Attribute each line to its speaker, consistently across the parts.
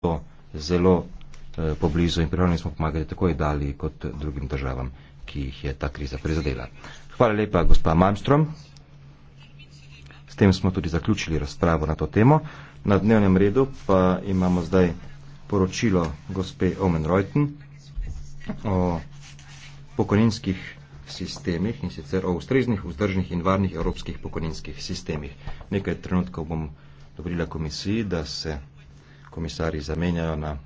Speaker 1: to zelo eh, poblizu in pripravljeni smo pomagati tako Italiji kot drugim državam, ki jih je ta kriza prizadela. Hvala lepa, gospa Malmstrom. S tem smo tudi zaključili razpravo na to temo. Na dnevnem redu pa imamo zdaj poročilo gospe Omen Reuten o pokojninskih sistemih in sicer o ustreznih, vzdržnih in varnih evropskih pokojninskih sistemih. Nekaj trenutkov bom dobrila komisiji, da se komisarji zamenjajo na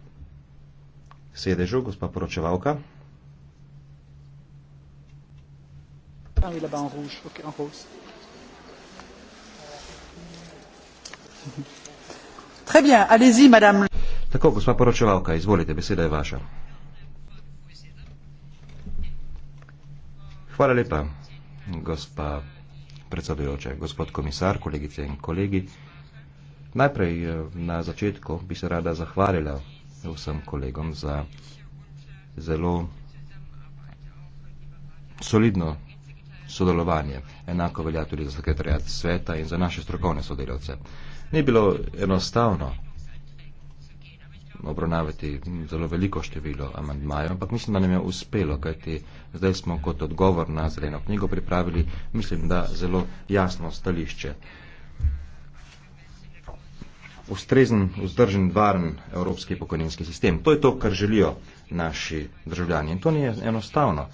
Speaker 1: sedežu, gospa poročevalka. Tako, gospa poročevalka, izvolite, beseda je vaša. Hvala lepa, gospa predsedujoča, gospod komisar, kolegice in kolegi. Najprej eh, na začetku bi se rada zahvalila vsem kolegom za zelo solidno sodelovanje. Enako velja tudi za sekretarjat sveta in za naše strokovne sodelavce. Ni bilo enostavno obravnavati zelo veliko število amandmajev, ampak mislim, da nam je uspelo, kajti zdaj smo kot odgovor na zeleno knjigo pripravili, mislim, da zelo jasno stališče ustrezen, vzdržen, varen evropski pokojninski sistem. To je to, kar želijo naši državljani. In to ni enostavno.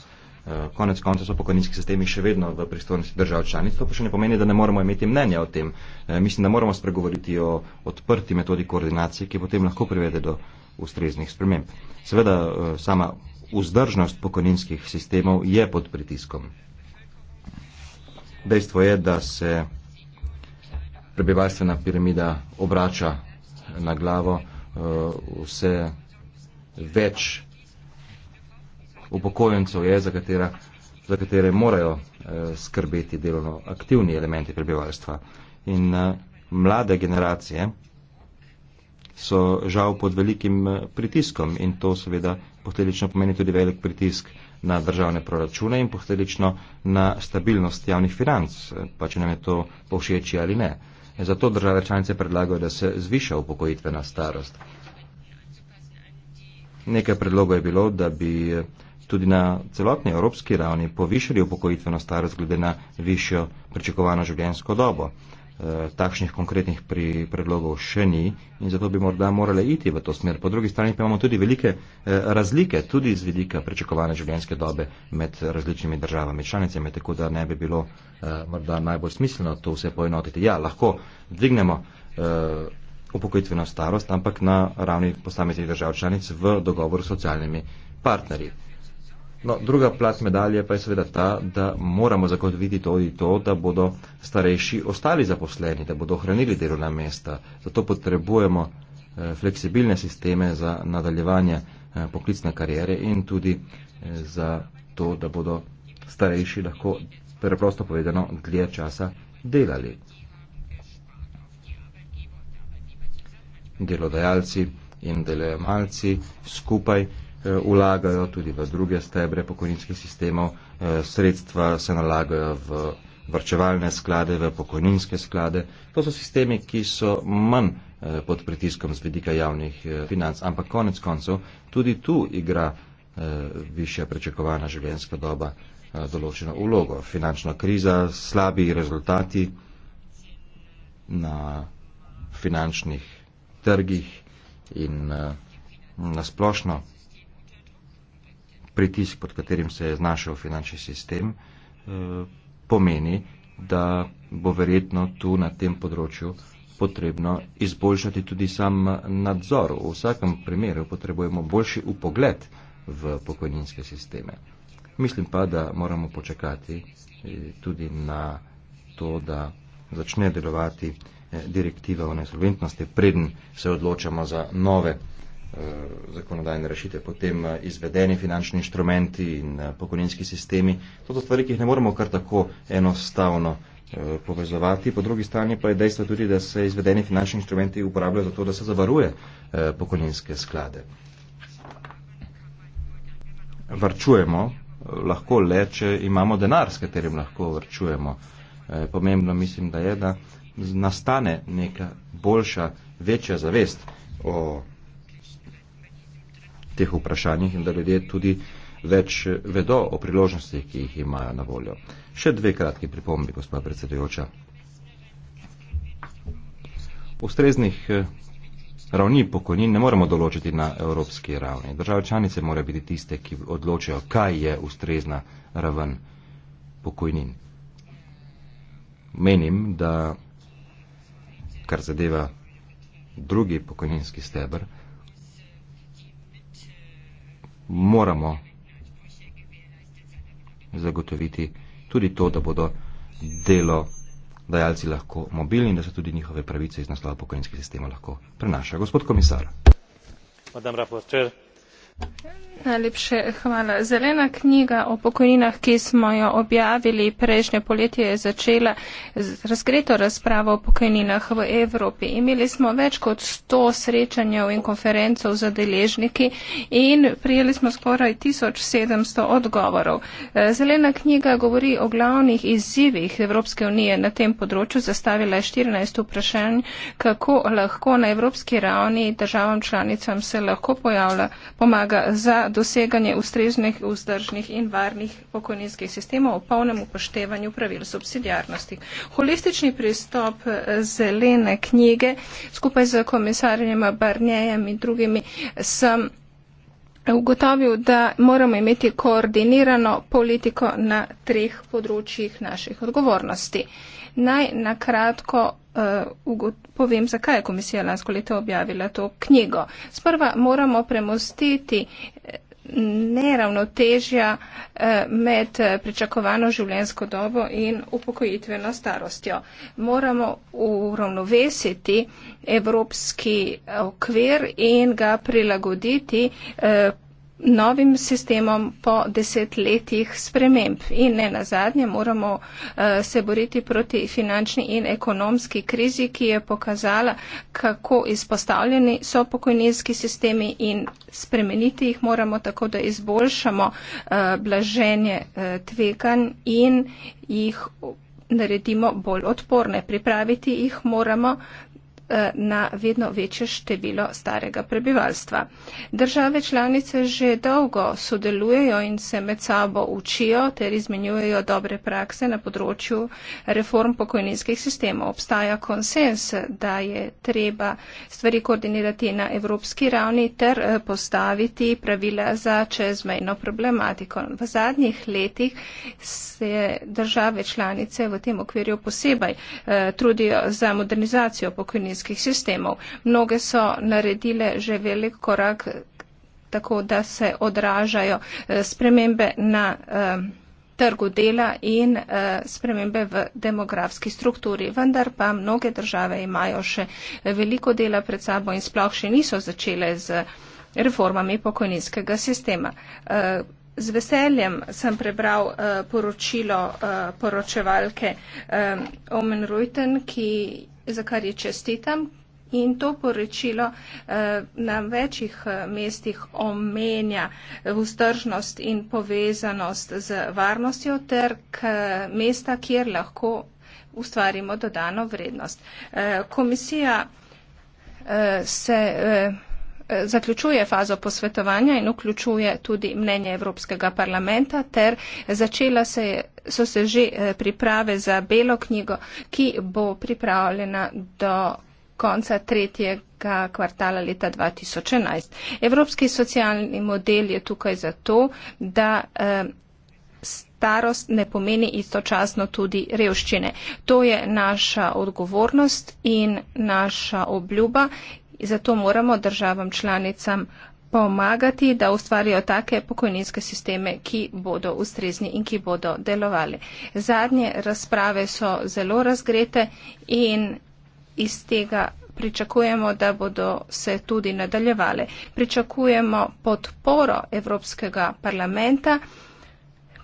Speaker 1: Eh, konec konca so pokojninski sistemi še vedno v pristojnosti držav članic. To pa še ne pomeni, da ne moremo imeti mnenja o tem. Eh, mislim, da moramo spregovoriti o odprti metodi koordinacije, ki potem lahko privede do ustreznih sprememb. Seveda, eh, sama vzdržnost pokojninskih sistemov je pod pritiskom. Dejstvo je, da se prebivalstvena piramida obrača na glavo eh, vse več upokojencev je, za, katera, za katere morajo eh, skrbeti delovno aktivni elementi prebivalstva. In eh, mlade generacije so žal pod velikim pritiskom in to seveda posledično pomeni tudi velik pritisk na državne proračune in posledično na stabilnost javnih financ, pa če nam je to povšeči ali ne. Zato države članice predlagajo, da se zviša upokojitvena starost. Nekaj predlogov je bilo, da bi tudi na celotni evropski ravni povišali upokojitveno starost glede na višjo pričakovano življenjsko dobo. Eh, takšnih konkretnih pri predlogov še ni in zato bi morda morale iti v to smer. Po drugi strani pa imamo tudi velike eh, razlike, tudi z vidika prečakovane življenjske dobe med različnimi državami članicami, tako da ne bi bilo eh, morda najbolj smiselno to vse poenotiti. Ja, lahko dvignemo upokojitveno starost, ampak na ravni posameznih držav članic v dogovoru s socialnimi partnerji. No, druga plat medalje pa je seveda ta, da moramo zagotoviti tudi to, da bodo starejši ostali zaposleni, da bodo ohranili delovna mesta. Zato potrebujemo eh, fleksibilne sisteme za nadaljevanje eh, poklicne karijere in tudi eh, za to, da bodo starejši lahko preprosto povedano dlje časa delali. Delodajalci in delojemalci skupaj Eh, vlagajo, tudi v druge stebre pokojninskih sistemov. Eh, sredstva se nalagajo v vrčevalne sklade, v pokojninske sklade. To so sistemi, ki so manj eh, pod pritiskom z vedika javnih financ, ampak konec koncev tudi tu igra višja prečakovana življenjska doba določeno ulogo. Finančna kriza, slabi rezultati na finančnih trgih in nasplošno pritisk, pod katerim se je znašel finančni sistem, eh, pomeni, da bo verjetno tu na tem področju potrebno izboljšati tudi sam nadzor. V vsakem primeru potrebujemo boljši upogled v pokojninske sisteme. Mislim pa, da moramo počakati eh, tudi na to, da začne delovati eh, direktiva o nesolventnosti, preden se odločamo za nove. Uh, zakonodajne rešitve, potem eh, izvedeni finančni inštrumenti in eh, pokojninski sistemi. To so stvari, ki jih ne moremo kar tako enostavno eh, povezovati. Po drugi strani pa je dejstvo tudi, da se izvedeni finančni inštrumenti uporabljajo za to, da se zavaruje pokojninske sklade. Vrčujemo lahko le, če imamo denar, s katerim lahko vrčujemo. Pomembno mislim, da je, da nastane neka boljša, večja zavest o teh vprašanjih in da ljudje tudi več vedo o priložnostih, ki jih imajo na voljo. Še dve kratki pripombi, gospod predsedujoča. Ustreznih eh, ravni pokojnin ne moremo določiti na evropski ravni. Države članice morajo biti tiste, ki odločajo, kaj je ustrezna raven pokojnin. Menim, da kar zadeva drugi pokojninski stebr, moramo zagotoviti tudi to, da bodo delo dajalci lahko mobilni in da se tudi njihove pravice iz naslova pokojninskih sistema lahko prenaša. Gospod komisar. Madame rapporteur,
Speaker 2: Najlepše hvala. Zelena knjiga o pokojninah, ki smo jo objavili prejšnje poletje, je začela razkrito razpravo o pokojninah v Evropi. Imeli smo več kot 100 srečanjev in konferencov z deležniki in prijeli smo skoraj 1700 odgovorov. Zelena knjiga govori o glavnih izzivih Evropske unije na tem področju. Zastavila je 14 vprašanj, kako lahko na evropski ravni državam članicam se lahko pomaga podlaga za doseganje ustreznih, vzdržnih in varnih pokojninskih sistemov v polnem upoštevanju pravil subsidijarnosti. Holistični pristop eh, zelene knjige skupaj z komisarjem Barnjejem in drugimi sem ugotovil, da moramo imeti koordinirano politiko na treh področjih naših odgovornosti. Naj nakratko uh, eh, povem, zakaj je komisija lansko leto objavila to knjigo. Sprva moramo premostiti eh, neravnotežja eh, med pričakovano življenjsko dobo in upokojitveno starostjo. Moramo uravnovesiti evropski okvir in ga prilagoditi novim sistemom po desetletjih sprememb. In ne nazadnje moramo uh, se boriti proti finančni in ekonomski krizi, ki je pokazala, kako izpostavljeni so pokojninski sistemi in spremeniti jih moramo tako, da izboljšamo uh, blaženje uh, eh, tvekan in jih naredimo bolj odporne. Pripraviti jih moramo Eh, na vedno večje število starega prebivalstva. Države članice že dolgo sodelujejo in se med sabo učijo ter izmenjujejo dobre prakse na področju reform pokojninskih sistemov. Obstaja konsens, da je treba stvari koordinirati na evropski ravni ter eh, postaviti pravila za čezmejno problematiko. V zadnjih letih se države članice v tem okvirju posebej eh, trudijo za modernizacijo pokojninskih pokojninskih sistemov. Mnoge so naredile že velik korak, tako da se odražajo eh, spremembe na eh, trgu dela in eh, spremembe v demografski strukturi. Vendar pa mnoge države imajo še veliko dela pred sabo in sploh še niso začele z reformami pokojninskega sistema. Z veseljem sem prebral poročilo poročevalke Omen Reuten, ki za kar je čestitam. In to poročilo eh, na večjih eh, mestih omenja eh, vzdržnost in povezanost z varnostjo ter k mesta, kjer lahko ustvarimo dodano vrednost. Eh, komisija eh, se. Eh, zaključuje fazo posvetovanja in vključuje tudi mnenje Evropskega parlamenta, ter začela se, so se že eh, priprave za belo knjigo, ki bo pripravljena do konca tretjega kvartala leta 2011. Evropski socialni model je tukaj zato, da eh, starost ne pomeni istočasno tudi revščine. To je naša odgovornost in naša obljuba, zato moramo državam članicam pomagati, da ustvarijo take pokojninske sisteme, ki bodo ustrezni in ki bodo delovali. Zadnje razprave so zelo razgrete in iz tega pričakujemo, da bodo se tudi nadaljevale. Pričakujemo podporo Evropskega parlamenta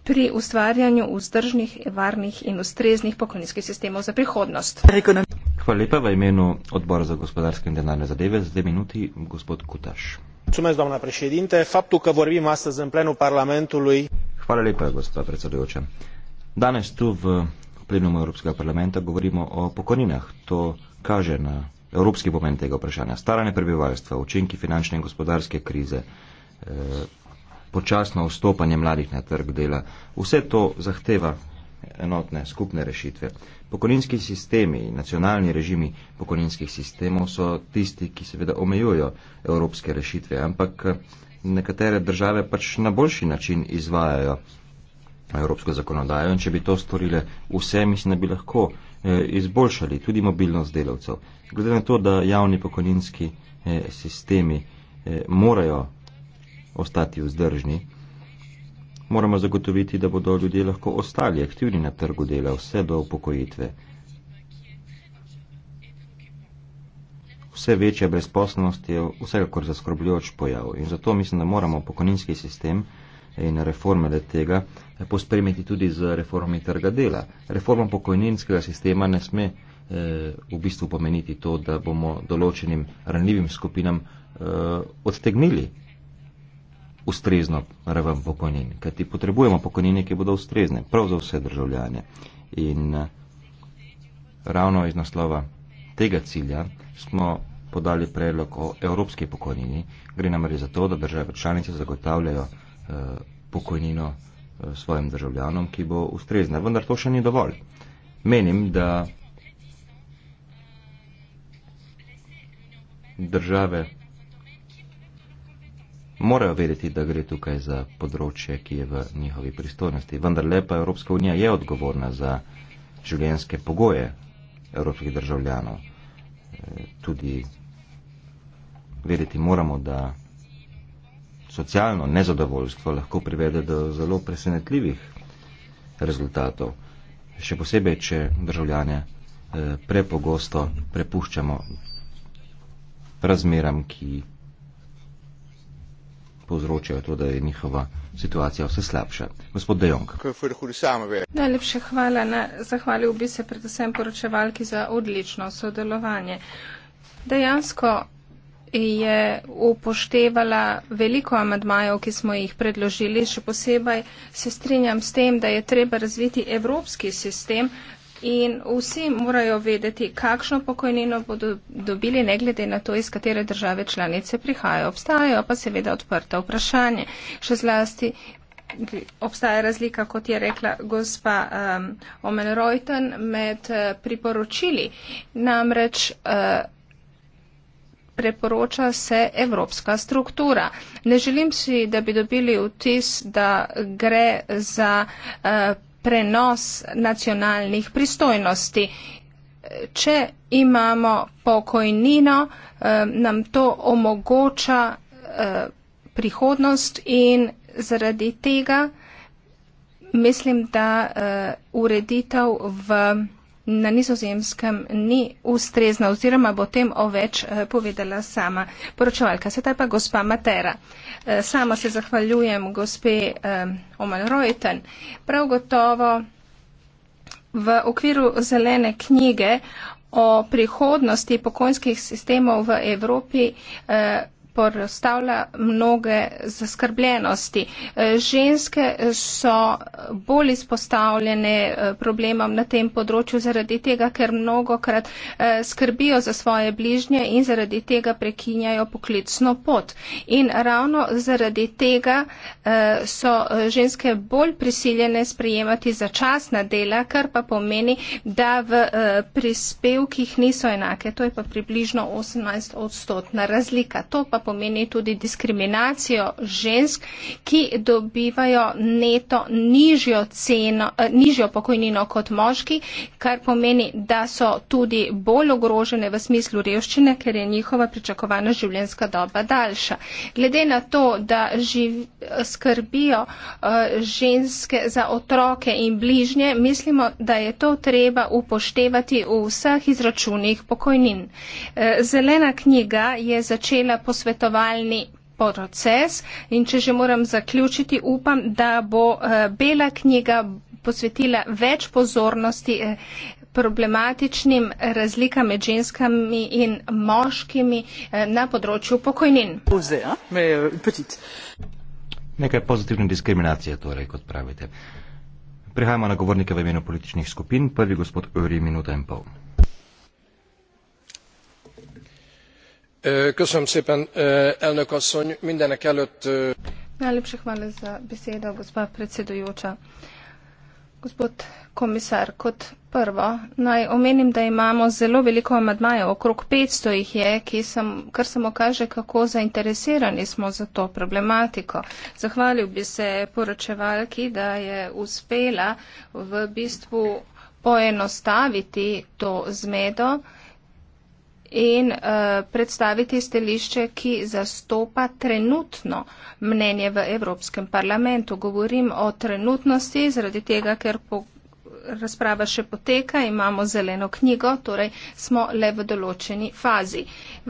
Speaker 2: pri ustvarjanju vzdržnih, varnih in ustreznih pokojninskih sistemov za prihodnost.
Speaker 1: Rekonomi. Hvala lepa v imenu odbora za gospodarske in denarne zadeve. Z dve minuti, gospod Kutaš. Mulțumesc, doamna președinte. Faptul că vorbim astăzi în plenul Parlamentului... Hvala lepa, gospod predsedujoče. Danes tu v plenumu Evropskega parlamenta govorimo o pokojninah. To kaže na evropski pomen tega vprašanja. Staranje prebivalstva, učinki finančne in gospodarske krize, eh, počasno vstopanje mladih na trg dela, vse to zahteva enotne skupne rešitve. Pokolinski sistemi in nacionalni režimi pokolinskih sistemov so tisti, ki seveda omejujo evropske rešitve, ampak nekatere države pač na boljši način izvajajo evropsko zakonodajo in če bi to storile vse, mislim, da bi lahko eh, izboljšali tudi mobilnost delavcev. Glede na to, da javni pokolinski eh, sistemi eh, morajo ostati vzdržni, moramo zagotoviti, da bodo ljudje lahko ostali aktivni na trgu dela vse do upokojitve. Vse večja brezposobnost je vsekakor zaskrbljujoč pojav in zato mislim, da moramo pokojninski sistem in reforme le tega pospremiti tudi z reformami trga dela. Reforma pokojninskega sistema ne sme eh, v bistvu pomeniti to, da bomo določenim ranljivim skupinam eh, odtegnili ustrezno raven pokojnin, kajti potrebujemo pokojnine, ki bodo ustrezne, prav za vse državljane. In eh, ravno iz naslova tega cilja smo podali predlog o evropski pokojnini. Gre namreč za to, da države članice zagotavljajo eh, pokojnino eh, svojim državljanom, ki bo ustrezna. Vendar to še ni dovolj. Menim, da države morajo vedeti, da gre tukaj za področje, ki je v njihovi pristojnosti. Vendar lepa Evropska unija je odgovorna za življenjske pogoje evropskih državljanov. Eh, tudi vedeti moramo, da socialno nezadovoljstvo lahko privede do zelo presenetljivih rezultatov. Še posebej, če državljane eh, prepogosto prepuščamo razmeram, ki povzročajo to, da je njihova situacija vse slabša. Gospod Dejong.
Speaker 2: Najlepše hvala. Na, zahvalil bi se predvsem poročevalki za odlično sodelovanje. Dejansko je upoštevala veliko amadmajev, ki smo jih predložili. Še posebej se strinjam s tem, da je treba razviti evropski sistem in vsi morajo vedeti, kakšno pokojnino bodo dobili, ne glede na to, iz katere države članice prihajajo. Obstajajo pa seveda odprta vprašanje. Še zlasti obstaja razlika, kot je rekla gospa um, Omen Reuten, med uh, priporočili. Namreč. Uh, preporoča se evropska struktura. Ne želim si, da bi dobili vtis, da gre za uh, prenos nacionalnih pristojnosti. Če imamo pokojnino, eh, nam to omogoča eh, prihodnost in zaradi tega mislim, da eh, ureditev v na nizozemskem ni ustrezna oziroma bo tem o več eh, povedala sama poročevalka. Sedaj pa gospa Matera. Eh, sama se zahvaljujem gospe eh, Oman Reuten. Prav gotovo v okviru zelene knjige o prihodnosti pokojnskih sistemov v Evropi eh, porastavlja mnoge zaskrbljenosti. E, ženske so bolj izpostavljene e, problemom na tem področju zaradi tega, ker mnogokrat e, skrbijo za svoje bližnje in zaradi tega prekinjajo poklicno pot. In ravno zaradi tega so ženske bolj prisiljene sprejemati začasna dela, kar pa pomeni, da v prispevkih niso enake. To je pa približno 18 odstotna razlika. To pa pomeni tudi diskriminacijo žensk, ki dobivajo neto nižjo, ceno, eh, nižjo pokojnino kot moški, kar pomeni, da so tudi bolj ogrožene v smislu revščine, ker je njihova pričakovana življenjska doba daljša. Glede na to, da živ, skrbijo eh, ženske za otroke in bližnje, mislimo, da je to treba upoštevati v vseh izračunih pokojnin. Eh, zelena knjiga je začela posvetovati svetovalni proces in če že moram zaključiti, upam, da bo eh, bela knjiga posvetila več pozornosti eh, problematičnim razlikam med ženskami in moškimi eh, na področju pokojnin. Euh,
Speaker 1: Nekaj pozitivne diskriminacije, torej, kot pravite. Prihajamo na govornike v imenu političnih skupin. Prvi gospod Uri, minuta in pol.
Speaker 2: najlepša hvala za besedo gospa predsedujoča gospod komisar kot prvo naj omenim da imamo zelo veliko amadmajev okrog petsto jih je ki sem kar samo kaže kako zainteresirani smo za to problematiko zahvalil bi se poročevalki da je uspela v bistvu poenostaviti to zmedo in uh, predstaviti stališče, ki zastopa trenutno mnenje v Evropskem parlamentu. Govorim o trenutnosti, zaradi tega, ker po, razprava še poteka, imamo zeleno knjigo, torej smo le v določeni fazi.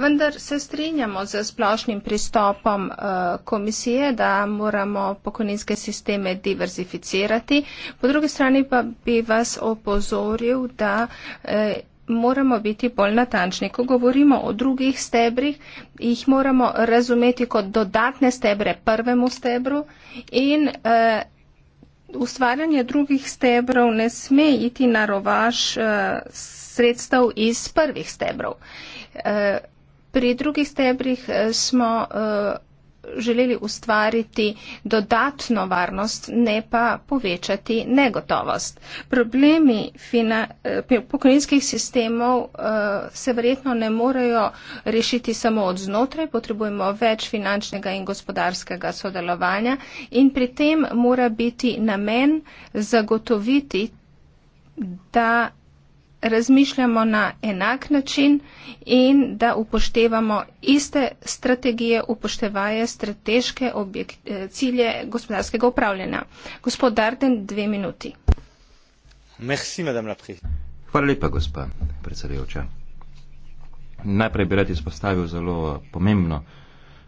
Speaker 2: Vendar se strinjamo z splošnim pristopom uh, komisije, da moramo pokojninske sisteme diverzificirati. Po drugi strani pa bi vas opozoril, da. Uh, moramo biti bolj natančni. Ko govorimo o drugih stebrih, jih moramo razumeti kot dodatne stebre prvemu stebru in uh, ustvarjanje drugih stebrov ne sme iti na rovaž uh, eh, sredstev iz prvih stebrov. Uh, pri drugih stebrih smo. Uh, želeli ustvariti dodatno varnost, ne pa povečati negotovost. Problemi eh, pokojninskih sistemov eh, se verjetno ne morejo rešiti samo od znotraj, potrebujemo več finančnega in gospodarskega sodelovanja in pri tem mora biti namen zagotoviti, da razmišljamo na enak način in da upoštevamo iste strategije, upoštevaje strateške eh, cilje gospodarskega upravljanja. Gospod Darden, dve minuti.
Speaker 1: Merci, Hvala lepa, gospa predsedujoča. Najprej bi rad izpostavil zelo pomembno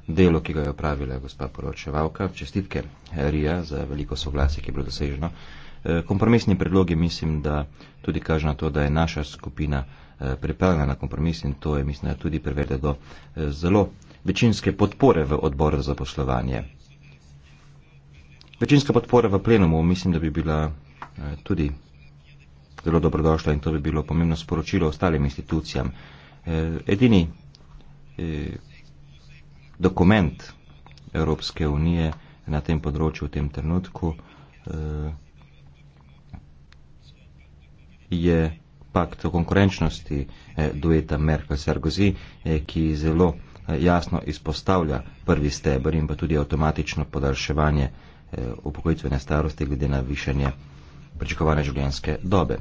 Speaker 1: delo, ki ga je opravila gospa poročevalka. Čestitke, Rija, za veliko soglasje, ki je bilo doseženo. Eh, kompromisni predlogi mislim, da tudi kaže na to, da je naša skupina eh, pripravljena na kompromis in to je, mislim, da tudi privede do eh, zelo večinske podpore v odboru za poslovanje. Večinska podpora v plenumu mislim, da bi bila tudi zelo dobrodošla in to bi bilo pomembno sporočilo ostalim institucijam. Edini dokument Evropske unije na tem področju v tem trenutku je pakt o konkurenčnosti eh, dueta Merkel-Sergozi, eh, ki zelo eh, jasno izpostavlja prvi stebr in pa tudi avtomatično podaljševanje upokojitvene starosti glede na višanje pričakovane življenjske dobe.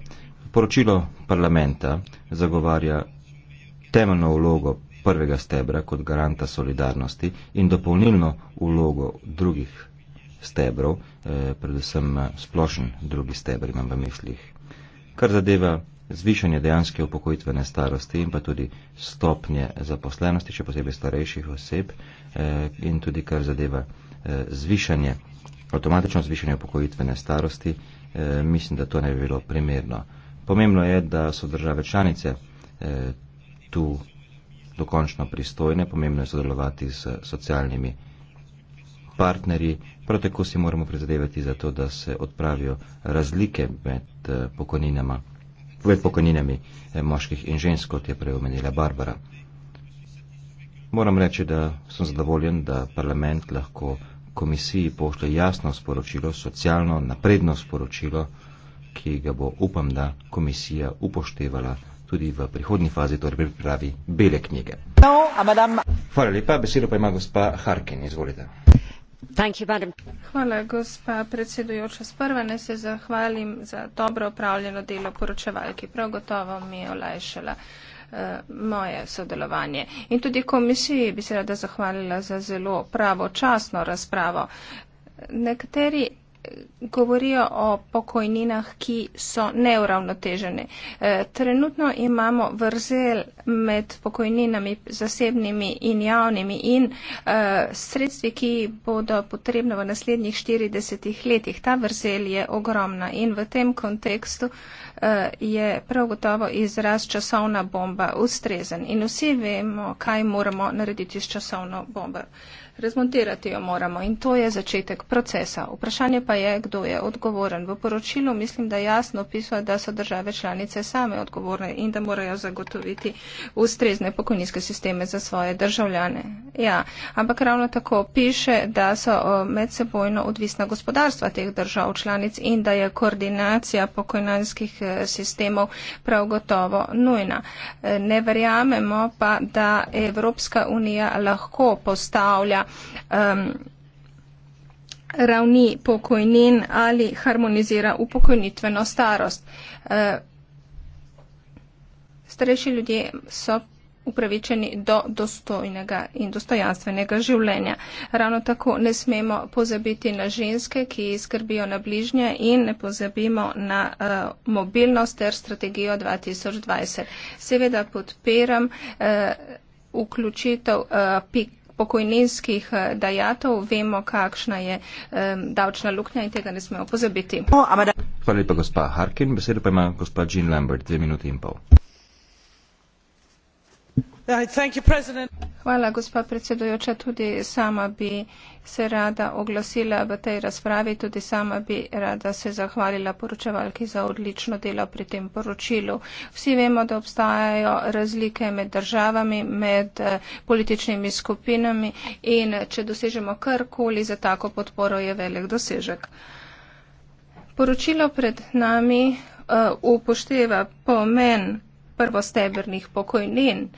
Speaker 1: Poročilo parlamenta zagovarja temeljno vlogo prvega stebra kot garanta solidarnosti in dopolnilno vlogo drugih stebrov, predvsem splošen drugi stebr imam v mislih kar zadeva zvišanje dejanske upokojitvene starosti in pa tudi stopnje zaposlenosti, še posebej starejših oseb eh, in tudi kar zadeva eh, zvišanje, avtomatično zvišanje upokojitvene starosti, eh, mislim, da to ne bi bilo primerno. Pomembno je, da so države članice tu dokončno pristojne, pomembno je sodelovati s socialnimi partnerji, prav tako si moramo prizadevati za to, da se odpravijo razlike med eh, pokojninama. Med pokojninami eh, moških in žensk, kot je preomenila Barbara. Moram reči, da sem zadovoljen, da parlament lahko komisiji pošlje jasno sporočilo, socialno napredno sporočilo, ki ga bo, upam, da komisija upoštevala tudi v prihodnji fazi, torej pripravi bele knjige. No, madame... Hvala lepa, besedo pa ima gospa Harkin, izvolite.
Speaker 2: Sprva naj se zahvalim za dobro opravljeno delo poročevalki. Prav gotovo mi je olajšala eh, moje sodelovanje. In tudi komisiji bi se rada zahvalila za zelo pravočasno razpravo. Nekateri govorijo o pokojninah, ki so neuravnotežene. E, trenutno imamo vrzel med pokojninami zasebnimi in javnimi in e, sredstvi, ki bodo potrebno v naslednjih 40 letih. Ta vrzel je ogromna in v tem kontekstu e, je prav gotovo izraz časovna bomba ustrezen in vsi vemo, kaj moramo narediti s časovno bombo. Razmontirati jo moramo in to je začetek procesa. Vprašanje pa je, kdo je odgovoren. V poročilu mislim, da jasno opisuje, da so države članice same odgovorne in da morajo zagotoviti ustrezne pokojninske sisteme za svoje državljane. Ja, ampak ravno tako piše, da so medsebojno odvisna gospodarstva teh držav članic in da je koordinacija pokojninskih eh, sistemov prav gotovo nujna. Eh, ne verjamemo pa, da Evropska unija lahko postavlja um, ravni pokojnin ali harmonizira upokojnitveno starost. Uh, starejši ljudje so upravičeni do dostojnega in dostojanstvenega življenja. Ravno tako ne smemo pozabiti na ženske, ki skrbijo na bližnje in ne pozabimo na uh, mobilnost ter strategijo 2020. Seveda podpiram uh, vključitev uh, pik pokojninskih eh, dajatov, vemo, kakšna je um, davčna luknja in tega ne smemo pozabiti. No,
Speaker 1: Hvala lepa, gospa Harkin. Besedo pa ima gospa Jean Lambert, dve minuti in pol
Speaker 2: gospa predsedujoča tudi sama bi se rada oglasila v tej razpravi tudi sama bi rada se zahvalila poročevalki za odlično delo pri tem poročilu. Vsi vemo, da obstajajo razlike med državami, med eh, političnimi skupinami in če dosežemo karkoli za tako podporo je velik dosežek. Poročilo pred nami eh, upošteva pomen prvostebrnih pokojnin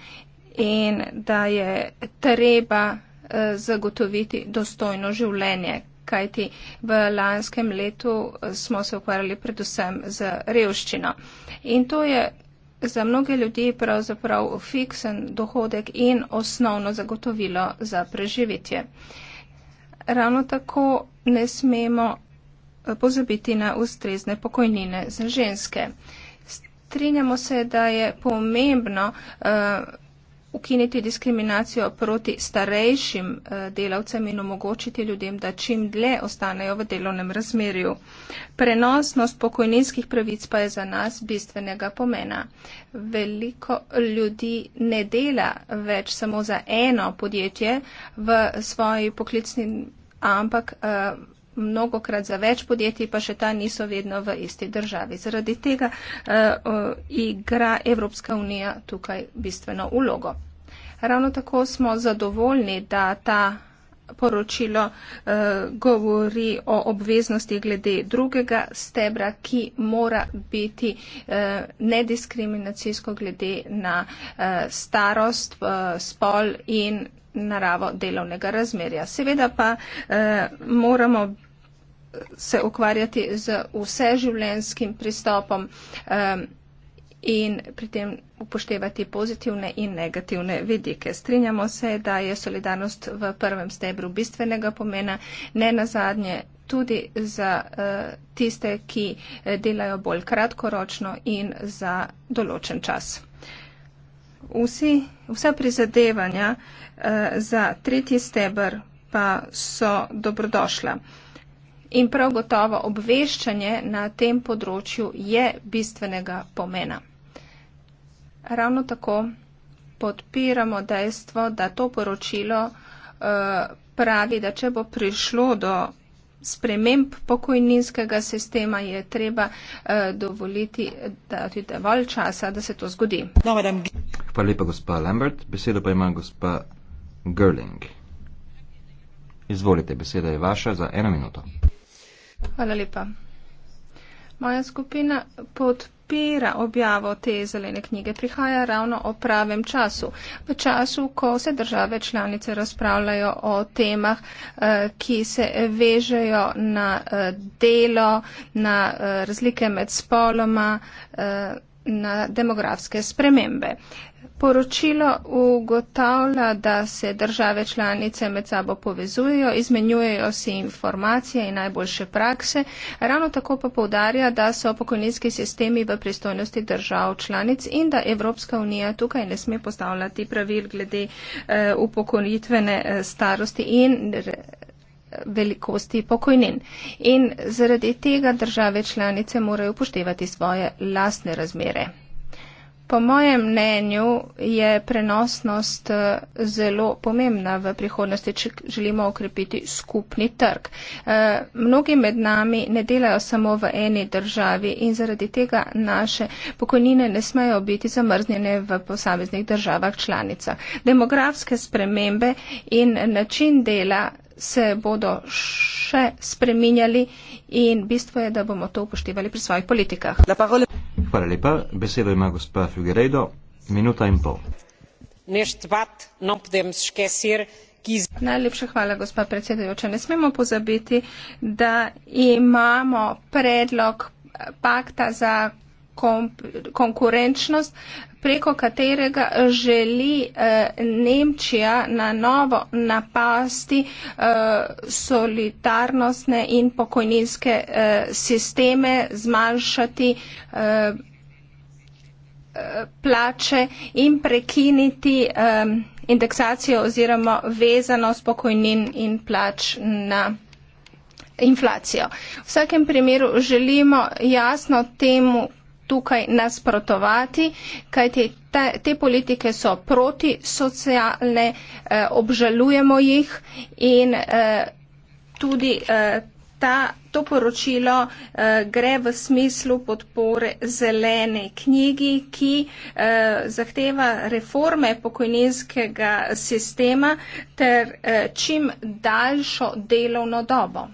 Speaker 2: in da je treba eh, zagotoviti dostojno življenje, kajti v lanskem letu eh, smo se ukvarjali predvsem z revščino. In to je za mnoge ljudi pravzaprav fiksen dohodek in osnovno zagotovilo za preživetje. Ravno tako ne smemo eh, pozabiti na ustrezne pokojnine za ženske. Strinjamo se, da je pomembno uh, ukiniti diskriminacijo proti starejšim eh, delavcem in omogočiti ljudem, da čim dlje ostanejo v delovnem razmerju. Prenosnost pokojninskih pravic pa je za nas bistvenega pomena. Veliko ljudi ne dela več samo za eno podjetje v svoji poklicni, ampak eh, mnogokrat za več podjetij, pa še ta niso vedno v isti državi. Zaradi tega uh, igra Evropska unija tukaj bistveno ulogo. Ravno tako smo zadovoljni, da ta poročilo eh, govori o obveznosti glede drugega stebra, ki mora biti eh, nediskriminacijsko glede na eh, starost, eh, spol in naravo delovnega razmerja. Seveda pa eh, moramo se ukvarjati z vseživljenjskim pristopom. Eh, in pri tem upoštevati pozitivne in negativne vidike. Strinjamo se, da je solidarnost v prvem stebru bistvenega pomena, ne na zadnje tudi za eh, tiste, ki eh, delajo bolj kratkoročno in za določen čas. Vsi, vsa prizadevanja eh, za tretji stebr pa so dobrodošla. In prav gotovo obveščanje na tem področju je bistvenega pomena ravno tako podpiramo dejstvo, da to poročilo eh, pravi, da če bo prišlo do sprememb pokojninskega sistema, je treba eh, dovoliti, dati dovolj časa, da se to zgodi. No,
Speaker 1: Hvala lepa, gospa Lambert. Besedo pa ima gospa Gerling. Izvolite, beseda je vaša za eno minuto.
Speaker 2: Hvala lepa. Moja skupina podpira podpira objavo te zelene knjige, prihaja ravno o pravem času, v času, ko se države članice razpravljajo o temah, eh, ki se vežejo na eh, delo, na eh, razlike med spoloma, na demografske spremembe. Poročilo ugotavlja, da se države članice med sabo povezujejo, izmenjujejo si informacije in najboljše prakse, ravno tako pa povdarja, da so pokojninski sistemi v pristojnosti držav članic in da Evropska unija tukaj ne sme postavljati pravil glede eh, upokojitvene eh, starosti in velikosti pokojnin. In zaradi tega države članice morajo upoštevati svoje lastne razmere. Po mojem mnenju je prenosnost eh, zelo pomembna v prihodnosti, če želimo okrepiti skupni trg. Eh, mnogi med nami ne delajo samo v eni državi in zaradi tega naše pokojnine ne smejo biti zamrznjene v posameznih državah članica. Demografske spremembe in način dela se bodo še spreminjali in bistvo je, da bomo to upoštevali pri svojih politikah.
Speaker 1: Hvala lepa. Besedo ima gospa Figueiredo. Minuta in pol.
Speaker 2: Najlepša hvala, gospa predsedujoča. Ne smemo pozabiti, da imamo predlog pakta za komp, konkurenčnost, preko katerega želi eh, Nemčija na novo napasti eh, solidarnostne in pokojninske eh, sisteme, zmanjšati eh, eh, plače in prekiniti eh, indeksacijo oziroma vezanost pokojnin in plač na. Inflacijo. V vsakem primeru želimo jasno temu tukaj nasprotovati, kajti te, te politike so proti socialne, eh, obžalujemo jih in eh, tudi eh, ta, to poročilo eh, gre v smislu podpore zelene knjigi, ki eh, zahteva reforme pokojninskega sistema ter eh, čim daljšo delovno dobo.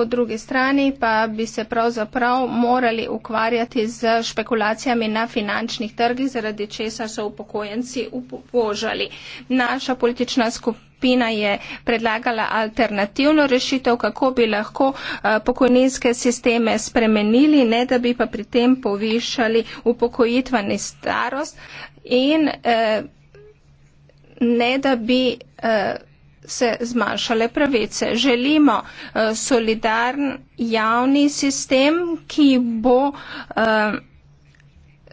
Speaker 2: po drugi strani pa bi se pravzaprav morali ukvarjati z špekulacijami na finančnih trgih, zaradi česa so upokojenci upožali. Naša politična skupina Pina je predlagala alternativno rešitev, kako bi lahko eh, pokojninske sisteme spremenili, ne da bi pa pri tem povišali upokojitveni starost in eh, ne da bi eh, se zmanjšale pravice. Želimo uh, eh, solidarn javni sistem, ki bo uh,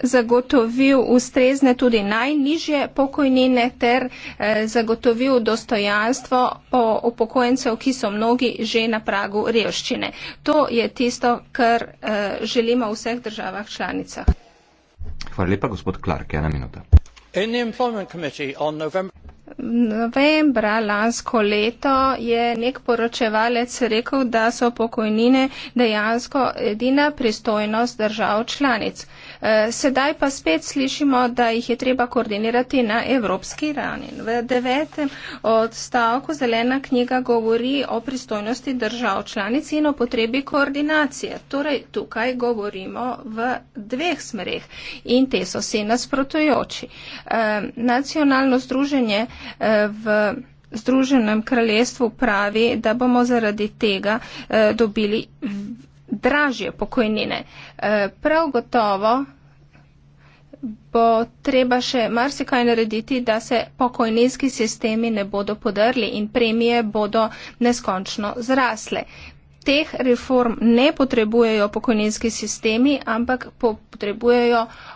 Speaker 2: zagotovil ustrezne tudi najnižje pokojnine ter eh, zagotovil dostojanstvo po upokojencev, ki so mnogi že na pragu revščine. To je tisto, kar eh, želimo v vseh državah članicah.
Speaker 1: Hvala lepa, gospod Clark. Ena minuta
Speaker 2: novembra lansko leto je nek poročevalec rekel, da so pokojnine dejansko edina pristojnost držav članic. Eh, sedaj pa spet slišimo, da jih je treba koordinirati na evropski rani. V devetem odstavku zelena knjiga govori o pristojnosti držav članic in o potrebi koordinacije. Torej, tukaj govorimo v dveh smereh in te so se nasprotujoči. Eh, nacionalno združenje eh, v. Združenem kraljestvu pravi, da bomo zaradi tega eh, dobili dražje pokojnine. E, prav gotovo bo treba še marsikaj narediti, da se pokojninski sistemi ne bodo podrli in premije bodo neskončno zrasle. Teh reform ne potrebujejo pokojninski sistemi, ampak potrebujejo uh,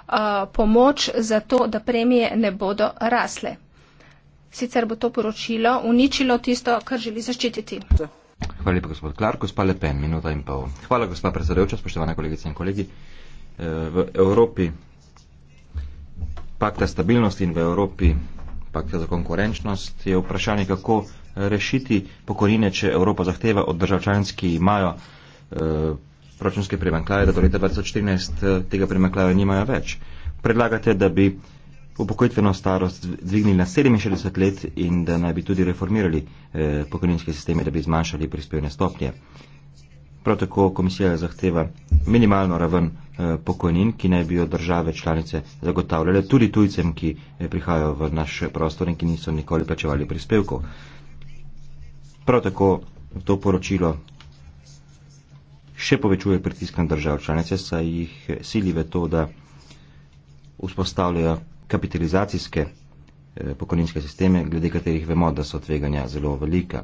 Speaker 2: pomoč za to, da premije ne bodo rasle. Sicer bo to poročilo uničilo tisto, kar želi zaščititi. Zdaj.
Speaker 1: Hvala lepa, gospod Klark. Gospa Le Pen, minuta in pol. Hvala, gospa predsedujoča, spoštovane kolegice in kolegi. Eh, v Evropi pakta stabilnosti in v Evropi pakta za konkurenčnost je vprašanje, kako eh, rešiti pokojnine, če Evropa zahteva od državčanskih, ki imajo eh, proračunske primankljaje, da do leta 2014 eh, tega primankljaja nimajo več. Predlagate, da bi eh, upokojitveno starost dvignili na 67 let in da naj bi tudi reformirali eh, pokojninske sisteme, da bi zmanjšali prispevne stopnje. Prav tako komisija zahteva minimalno raven eh, pokojnin, ki naj bi jo države članice zagotavljale tudi tujcem, ki eh, prihajajo v naš prostor in ki niso nikoli plačevali prispevkov. Prav tako to poročilo še povečuje pritisk na držav članice, saj jih sili v to, da vzpostavljajo kapitalizacijske eh, pokojninske sisteme, glede katerih vemo, da so tveganja zelo velika.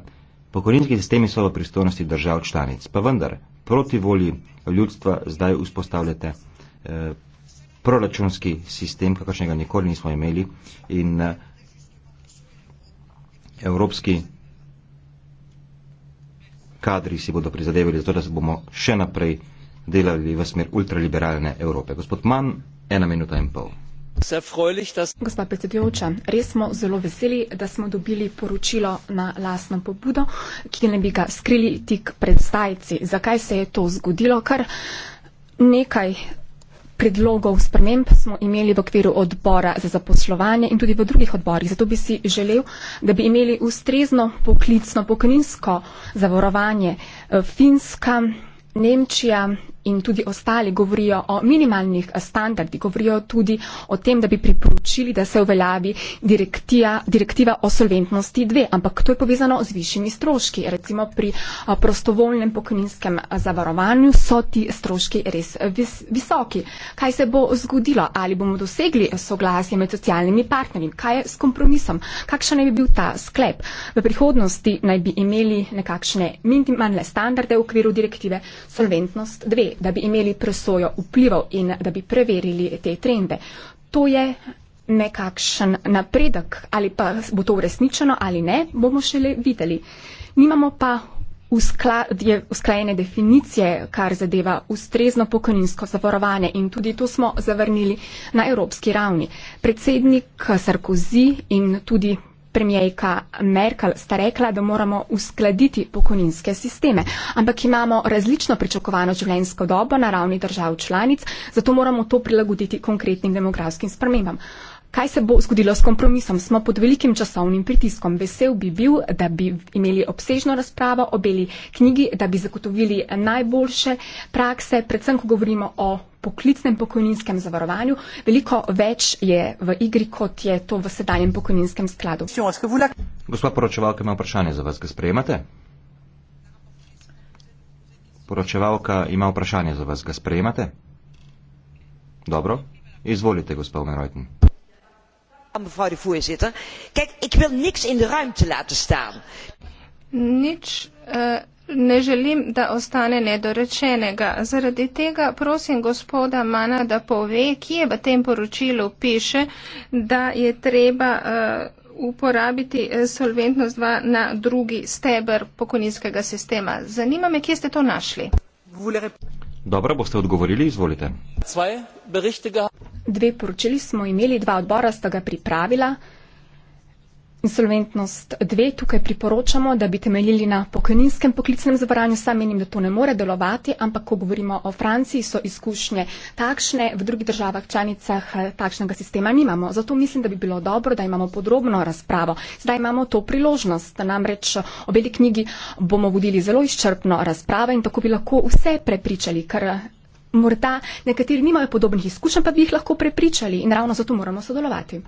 Speaker 1: Pokojninski sistemi so v pristojnosti držav članic, pa vendar proti volji ljudstva zdaj vzpostavljate eh, proračunski sistem, kakršnega nikoli nismo imeli in eh, evropski kadri si bodo prizadevali zato, da se bomo še naprej delali v smer ultraliberalne Evrope. Gospod Mann, ena minuta in pol.
Speaker 3: Gospa predsedujoča, res smo zelo veseli, da smo dobili poročilo na lasno pobudo, ki ne bi ga skrili tik pred zdajci. Zakaj se je to zgodilo? Kar nekaj predlogov sprememb smo imeli v okviru odbora za zaposlovanje in tudi v drugih odborih. Zato bi si želel, da bi imeli ustrezno poklicno pokojninsko zavarovanje eh, Finska, Nemčija, in tudi ostali govorijo o minimalnih eh, standardih, govorijo tudi o tem, da bi priporočili, da se uveljavi direktiva o solventnosti 2, ampak to je povezano z višjimi stroški. Recimo pri eh, prostovoljnem pokojninskem eh, zavarovanju so ti stroški res vis, visoki. Kaj se bo zgodilo? Ali bomo dosegli soglasje med socialnimi partnerji? Kaj je s kompromisom? Kakšen naj bi bil ta sklep? V prihodnosti naj bi imeli nekakšne minimalne standarde v okviru direktive solventnost 2 da bi imeli presojo vplivov in da bi preverili te trende. To je nekakšen napredek, ali pa bo to uresničeno ali ne, bomo šele videli. Nimamo pa usklajene definicije, kar zadeva ustrezno pokojninsko zavarovanje in tudi to smo zavrnili na evropski ravni. Predsednik Sarkozy in tudi premijejka Merkel sta rekla, da moramo uskladiti pokojninske sisteme. Ampak imamo različno pričakovano življenjsko dobo na ravni držav članic, zato moramo to prilagoditi konkretnim demografskim spremembam. Kaj se bo zgodilo s kompromisom? Smo pod velikim časovnim pritiskom. Vesel bi bil, da bi imeli obsežno razpravo o beli knjigi, da bi zagotovili najboljše prakse, predvsem, ko govorimo o poklicnem pokojninskem zavarovanju. Veliko več je v igri, kot je to v sedanjem pokojninskem skladu.
Speaker 2: Gospod
Speaker 1: poročevalka, imam vprašanje za vas, ga sprejemate? Poročevalka ima vprašanje za vas, ga sprejemate? Dobro, izvolite, gospod Omerojten. Mevrouw de voorzitter, kijk, ik wil
Speaker 2: niks in de ruimte laten staan. Niks. Uh... Eh, ne želim, da ostane nedorečenega. Zaradi tega prosim gospoda Mana, da pove, kje v tem poročilu piše, da je treba uh, uporabiti eh, solventnost 2 na drugi steber pokojninskega sistema. Zanima me, kje ste to našli.
Speaker 1: Dobro, boste odgovorili, izvolite.
Speaker 3: Dve poročili smo imeli, dva odbora sta ga pripravila. Insolventnost dve, tukaj priporočamo, da bi temeljili na pokojninskem poklicnem zavaranju. Sam menim, da to ne more delovati, ampak ko govorimo o Franciji, so izkušnje takšne, v drugih državah članicah eh, takšnega sistema nimamo. Zato mislim, da bi bilo dobro, da imamo podrobno razpravo. Zdaj imamo to priložnost, namreč o beli knjigi bomo vodili zelo izčrpno razpravo in tako bi lahko vse prepričali, ker eh, morda nekateri nimajo podobnih izkušenj, pa bi jih lahko prepričali in ravno zato moramo sodelovati.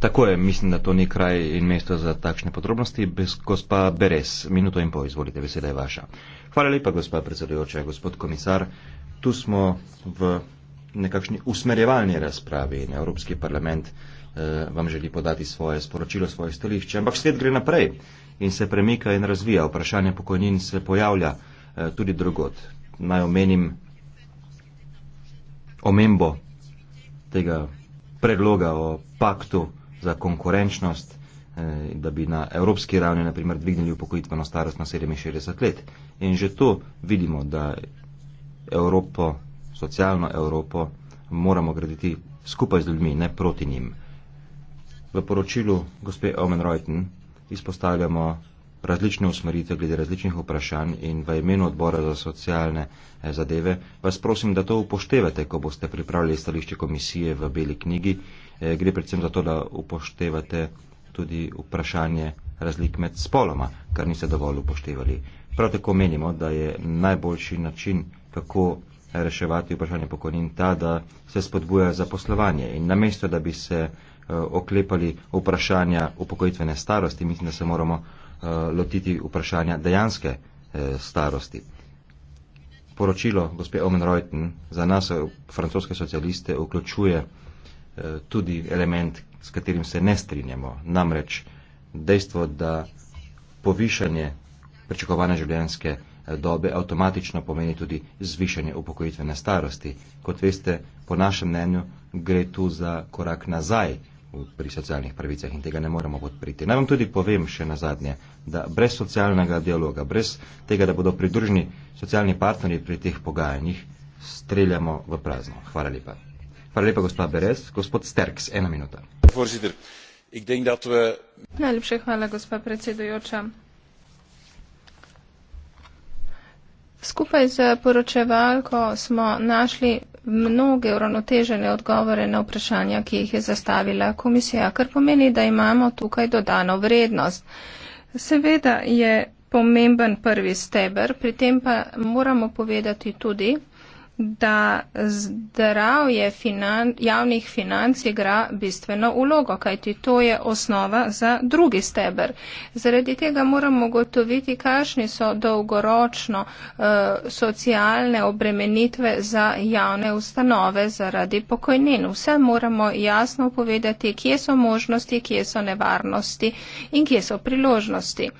Speaker 1: Tako je, mislim, da to ni kraj in mesto za takšne podrobnosti. Gospa Beres, minuto in pol, izvolite, beseda je vaša. Hvala lepa, gospa predsedujoča, gospod komisar. Tu smo v nekakšni usmerjevalni razpravi in Evropski parlament eh, vam želi podati svoje sporočilo, svoje stališče, ampak svet gre naprej in se premika in razvija. Vprašanje pokojnin se pojavlja eh, tudi drugot. Naj omenim omembo tega predloga o paktu za konkurenčnost, eh, da bi na evropski ravni, na primer, dvignili upokojitveno starost na 67 let. In že to vidimo, da Evropo, socialno Evropo, moramo graditi skupaj z ljudmi, ne proti njim. V poročilu gospe Omen Reuten izpostavljamo različne usmeritve glede različnih vprašanj in v imenu odbora za socialne eh, zadeve vas prosim, da to upoštevate, ko boste pripravili stališče komisije v Beli knjigi. Eh, gre predvsem za to, da upoštevate tudi vprašanje razlik med spoloma, kar niste dovolj upoštevali. Prav tako menimo, da je najboljši način, kako reševati vprašanje pokojnin, ta, da se spodbuja zaposlovanje. In namesto, da bi se eh, oklepali vprašanja upokojitvene starosti, mislim, da se moramo eh, lotiti vprašanja dejanske starosti. Poročilo gospe Omen Reuten za nas, francoske socialiste, vključuje tudi element, s katerim se ne strinjamo. Namreč dejstvo, da povišanje pričakovane življenjske eh, dobe avtomatično pomeni tudi zvišanje upokojitvene starosti. Kot veste, po našem mnenju gre tu za korak nazaj pri socialnih pravicah in tega ne moremo podpriti. Naj vam tudi povem še na zadnje, da brez socialnega dialoga, brez tega, da bodo pridružni socialni partnerji pri teh pogajanjih, streljamo v prazno. Hvala lepa. Hvala lepa, gospod Beres. Gospod Sterks, ena minuta.
Speaker 2: Najlepše hvala, gospod predsedujoča. Skupaj z poročevalko smo našli mnoge uravnotežene odgovore na vprašanja, ki jih je zastavila komisija, kar pomeni, da imamo tukaj dodano vrednost. Seveda je pomemben prvi steber, pri tem pa moramo povedati tudi, da zdravje finan, javnih financ igra bistveno ulogo, kajti to je osnova za drugi steber. Zaradi tega moramo gotoviti, kakšni so dolgoročno eh, socialne obremenitve za javne ustanove zaradi pokojnin. Vse moramo jasno povedati, kje so možnosti, kje so nevarnosti in kje so priložnosti.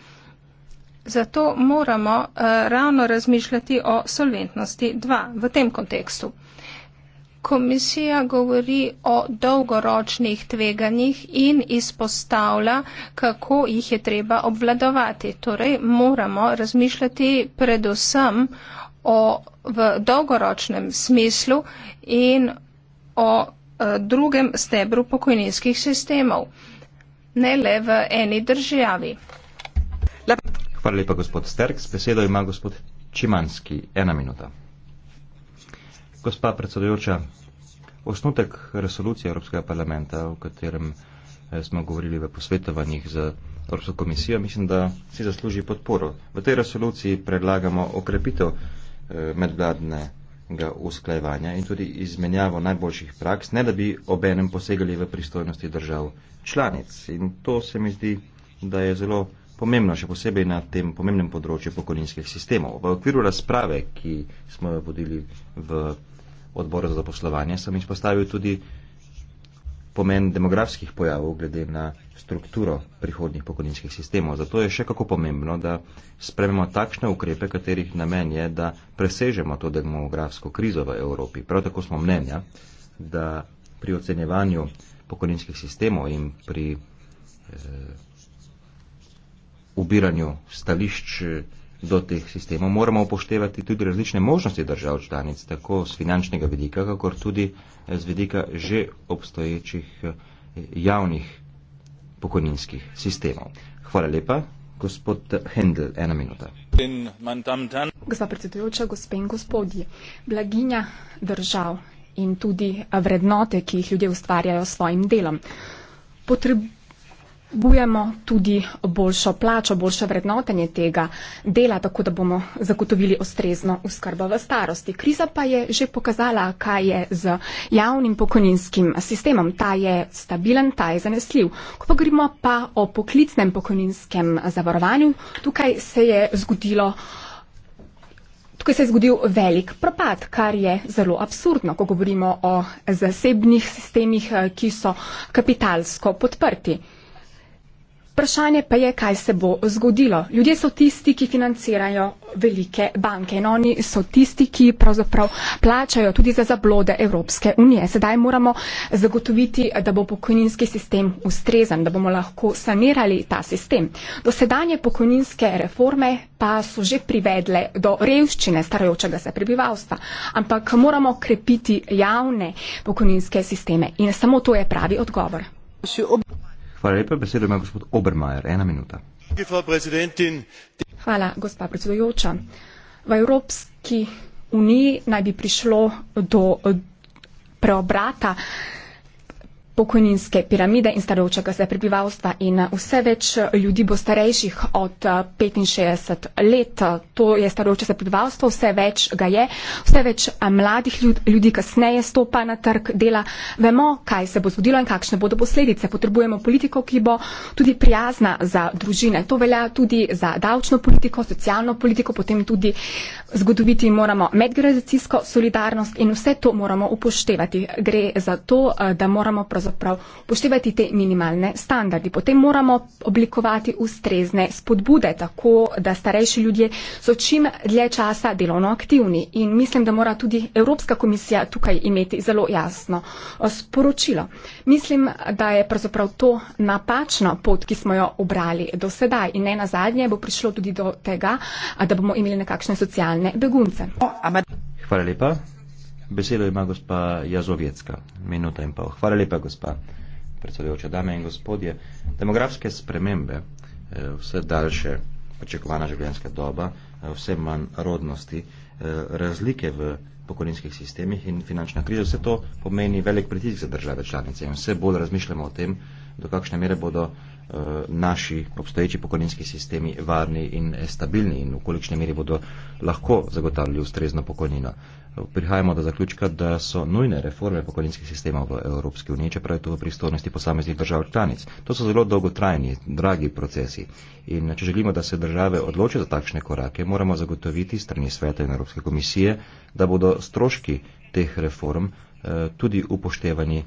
Speaker 2: Zato moramo eh, ravno razmišljati o solventnosti 2 v tem kontekstu. Komisija govori o dolgoročnih tveganjih in izpostavlja, kako jih je treba obvladovati. Torej, moramo razmišljati predvsem o, v dolgoročnem smislu in o e, drugem stebru pokojninskih sistemov, ne le v eni državi.
Speaker 1: Hvala lepa, gospod Sterk. S besedo ima gospod Čimanski. Ena minuta. Gospa predsedujoča, osnutek resolucije Evropskega parlamenta, o katerem eh, smo govorili v posvetovanjih z Evropsko komisijo, mislim, da si zasluži podporo. V tej resoluciji predlagamo okrepitev eh, medvladne usklajevanja in tudi izmenjavo najboljših praks, ne da bi obenem posegali v pristojnosti držav članic. In to se mi zdi, da je zelo pomembno, še posebej na tem pomembnem področju pokojninskih sistemov. V okviru razprave, ki smo jo vodili v odboru za zaposlovanje, sem izpostavil tudi pomen demografskih pojavov glede na strukturo prihodnih pokojninskih sistemov. Zato je še kako pomembno, da sprememo takšne ukrepe, katerih namen je, da presežemo to demografsko krizo v Evropi. Prav tako smo mnenja, da pri ocenjevanju pokojninskih sistemov in pri eh, ubiranju stališč eh, do teh sistemov, moramo upoštevati tudi različne možnosti držav članic, tako z finančnega vidika, kakor tudi eh, z vidika že obstoječih eh, javnih pokojninskih sistemov. Hvala lepa. Gospod Hendel, ena minuta.
Speaker 3: Gospa predsedujoča, gospe in gospodje, blaginja držav in tudi vrednote, ki jih ljudje ustvarjajo s svojim delom. Potrebujemo Potrebujemo tudi boljšo plačo, boljše vrednotenje tega dela, tako da bomo zagotovili ustrezno oskrbo v starosti. Kriza pa je že pokazala, kaj je z javnim pokojninskim sistemom. Ta je stabilen, ta je zanesljiv. Ko pa govorimo pa o poklicnem pokojninskem zavarovanju, tukaj se je zgodilo. Tukaj se je zgodil velik propad, kar je zelo absurdno, ko govorimo o zasebnih sistemih, ki so kapitalsko podprti. Vprašanje pa je, kaj se bo zgodilo. Ljudje so tisti, ki financirajo velike banke in oni so tisti, ki pravzaprav plačajo tudi za zablode Evropske unije. Sedaj moramo zagotoviti, da bo pokojninski sistem ustrezan, da bomo lahko sanirali ta sistem. Dosedanje pokojninske reforme pa so že privedle do revščine starajočega se prebivalstva, ampak moramo krepiti javne pokojninske sisteme in samo to je pravi odgovor. Hvala, gospa predsedujoča. V Evropski uniji naj bi prišlo do eh, preobrata pokojninske piramide in starovčega se prebivalstva in eh, vse več eh, ljudi bo starejših od 65 eh, let. To je starovče se prebivalstvo, vse več ga je, vse več mladih ljudi kasneje stopa na trg dela. Vemo, kaj se bo zgodilo in kakšne bodo posledice. Potrebujemo politiko, ki bo tudi prijazna za družine. To velja tudi za davčno politiko, socialno politiko, potem tudi zgodoviti moramo medgeneracijsko solidarnost in vse to moramo upoštevati. Gre za to, da moramo pravzaprav pravzaprav upoštevati te minimalne standardi. Potem moramo oblikovati ustrezne spodbude, tako da starejši ljudje so čim dlje časa delovno aktivni. In mislim, da mora tudi Evropska komisija tukaj imeti zelo jasno eh, sporočilo. Mislim, da je pravzaprav to napačna pot, ki smo jo obrali do sedaj. In ne na zadnje bo prišlo tudi do tega, da bomo imeli nekakšne socialne begunce.
Speaker 1: Hvala lepa. Besedo ima gospa Jazovjecka. Minuta in pol. Hvala lepa, gospa predsedujoča. Dame in gospodje, demografske spremembe, eh, vse daljše pričakovana življenjska doba, eh, vse manj rodnosti, eh, razlike v pokojninskih sistemih in finančna kriza, vse to pomeni velik pritisk za države članice in vse bolj razmišljamo o tem, do kakšne mere bodo Eh, naši obstoječi pokojninski sistemi varni in stabilni in v kolikšni meri bodo lahko zagotavljali ustrezno pokojnino. Prihajamo do zaključka, da so nujne reforme pokojninskih sistemov v Evropski uniji, čeprav je to v pristojnosti posameznih držav članic. To so zelo dolgotrajni, dragi procesi. In če želimo, da se države odločijo za takšne korake, moramo zagotoviti strani sveta in Evropske komisije, da bodo stroški teh reform eh, tudi upoštevani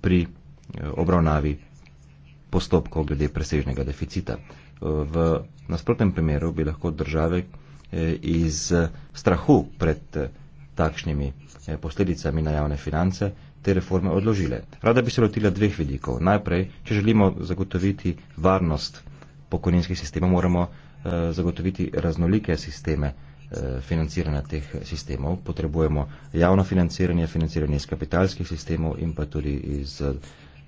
Speaker 1: pri eh, obravnavi postopkov glede presežnega deficita. V nasprotnem primeru bi lahko države eh, iz eh, strahu pred eh, takšnimi posledicami na javne finance te reforme odložile. Rada bi se lotila dveh vidikov. Najprej, če želimo zagotoviti varnost pokojninskih sistemov, moramo zagotoviti raznolike sisteme financiranja teh sistemov. Potrebujemo javno financiranje, financiranje iz kapitalskih sistemov in pa tudi iz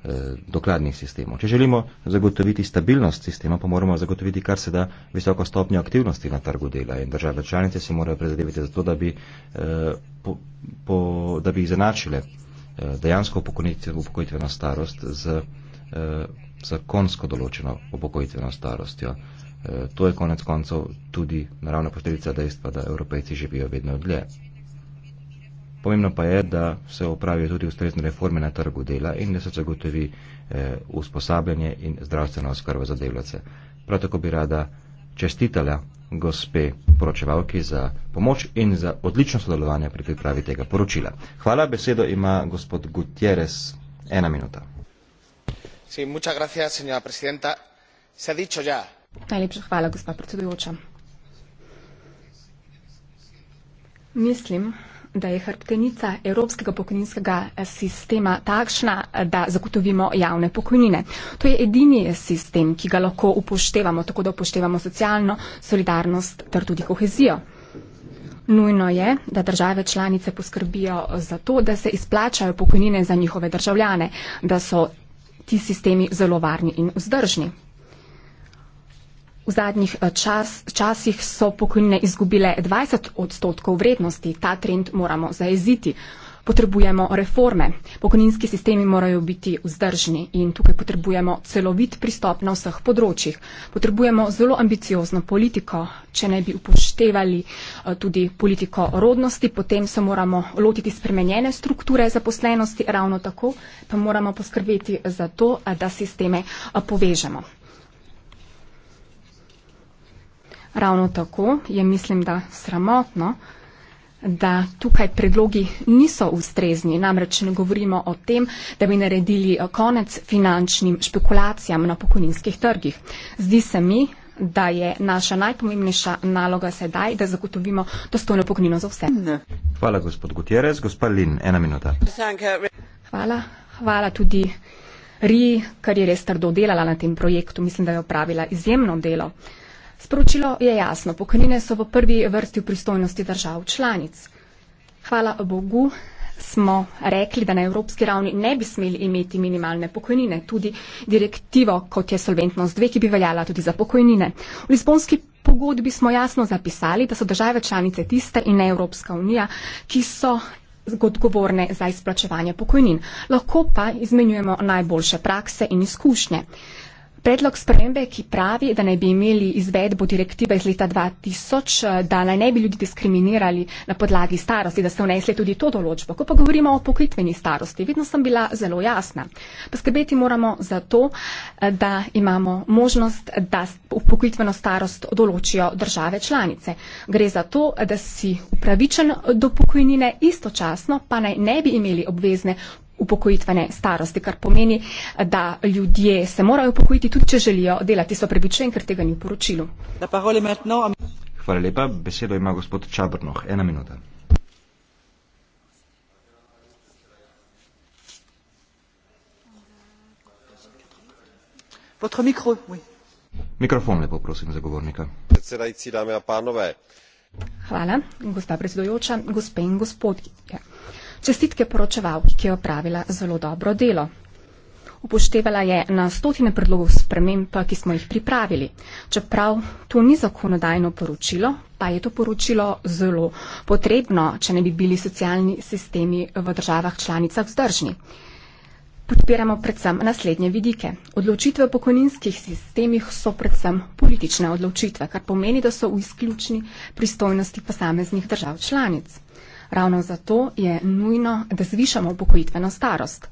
Speaker 1: Eh, dokladnih sistemov. Če želimo zagotoviti stabilnost sistema, pa moramo zagotoviti kar se da visoko stopnjo aktivnosti na trgu dela in države članice si morajo prizadeviti za to, da bi, eh, po, po, da bi izenačile eh, dejansko upokojitveno starost z zakonsko določeno upokojitveno starostjo. To je konec koncev tudi naravna posledica dejstva, da evropejci živijo vedno dlje. Pomembno pa je, da se opravijo tudi ustrezne reforme na trgu dela in da se zagotovi eh, usposabljanje in zdravstveno oskrbo za delavce. Prav tako bi rada čestitala gospe poročevalki za pomoč in za odlično sodelovanje pri pripravi tega poročila. Hvala, besedo ima gospod Gutierrez. Ena minuta. Sí, muchas gracias, señora presidenta. Se ha dicho ya.
Speaker 3: Najlepša hvala, gospa predsedujoča. Mislim, da je hrbtenica evropskega pokojninskega eh, sistema takšna, eh, da zagotovimo javne pokojnine. To je edini eh, sistem, ki ga lahko upoštevamo, tako da upoštevamo socialno solidarnost ter tudi kohezijo. Nujno je, da države članice poskrbijo za to, da se izplačajo pokojnine za njihove državljane, da so ti sistemi zelo varni in vzdržni. V zadnjih eh, čas, časih so pokojnine izgubile 20 odstotkov vrednosti. Ta trend moramo zajeziti. Potrebujemo reforme. Pokojninski sistemi morajo biti vzdržni in tukaj potrebujemo celovit pristop na vseh področjih. Potrebujemo zelo ambiciozno politiko. Če ne bi upoštevali eh, tudi politiko rodnosti, potem se moramo lotiti spremenjene strukture zaposlenosti, ravno tako pa moramo poskrbeti za to, eh, da sisteme povežemo. Ravno tako je, mislim, da sramotno, da tukaj predlogi niso ustrezni. Namreč ne govorimo o tem, da bi naredili eh, konec finančnim špekulacijam na pokojninskih trgih. Zdi se mi, da je naša najpomembnejša naloga sedaj, da zagotovimo dostojno pokojnino za vse.
Speaker 1: Hvala, gospod Gutierrez. Gospa Lin, ena minuta.
Speaker 3: Hvala. Hvala tudi Ri, kar je res trdo delala na tem projektu. Mislim, da je opravila izjemno delo. Sporočilo je jasno, pokojnine so v prvi vrsti v pristojnosti držav članic. Hvala Bogu smo rekli, da na evropski ravni ne bi smeli imeti minimalne pokojnine, tudi direktivo, kot je solventnost dve, ki bi veljala tudi za pokojnine. V Lisbonski pogodbi smo jasno zapisali, da so države članice tiste in ne Evropska unija, ki so odgovorne za izplačevanje pokojnin. Lahko pa izmenjujemo najboljše prakse in izkušnje. Predlog spremembe, ki pravi, da naj bi imeli izvedbo direktive iz leta 2000, eh, da naj ne bi ljudi diskriminirali na podlagi starosti, da ste vnesli tudi to določbo. Ko pa govorimo o pokritveni starosti, vedno sem bila zelo jasna. Poskrbeti moramo za to, eh, da imamo možnost, da pokritveno starost določijo države članice. Gre za to, da si upravičen do pokojnine, istočasno pa naj ne bi imeli obvezne upokojitvene starosti, kar pomeni, da ljudje se morajo upokojiti, tudi če želijo delati. So prebičen, ker tega ni v poročilu.
Speaker 1: Hvala lepa. Besedo ima gospod Čabrnoh. Ena minuta. Mikrofon lepo prosim za govornika.
Speaker 3: Hvala, gospa predsedujoča, gospe in gospodje. Čestitke poročevalki, ki je opravila zelo dobro delo. Upoštevala je na stotine predlogov sprememb, ki smo jih pripravili. Čeprav to ni zakonodajno poročilo, pa je to poročilo zelo potrebno, če ne bi bili socialni sistemi v državah članicah vzdržni. Podpiramo predvsem naslednje vidike. Odločitve v pokojninskih sistemih so predvsem politične odločitve, kar pomeni, da so v izključni pristojnosti posameznih držav članic. Ravno zato je nujno, da zvišamo upokojitveno starost.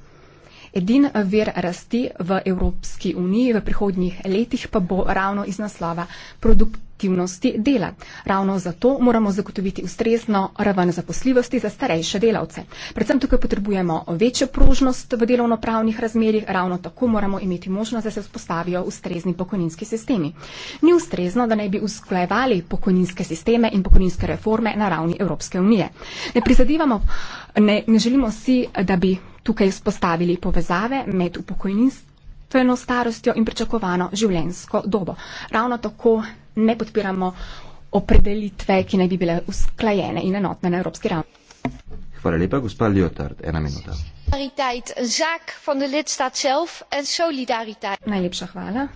Speaker 3: Edin vir rasti v Evropski uniji v prihodnjih letih pa bo ravno iz naslova produktivnosti dela. Ravno zato moramo zagotoviti ustrezno raven zaposljivosti za starejše delavce. Predvsem tukaj potrebujemo večjo prožnost v delovnopravnih razmerjih, ravno tako moramo imeti možnost, da se vzpostavijo ustrezni pokojninski sistemi. Ni ustrezno, da naj bi usklajevali pokojninske sisteme in pokojninske reforme na ravni Evropske unije. Ne prizadivamo, ne, ne želimo si, da bi tukaj vzpostavili povezave med upokojenstveno starostjo in pričakovano življenjsko dobo. Ravno tako ne podpiramo opredelitve, ki naj bi bile usklajene in enotne na evropski ravni.
Speaker 1: Hvala lepa, gospa Ljotard, ena minuta.
Speaker 3: Najlepša hvala.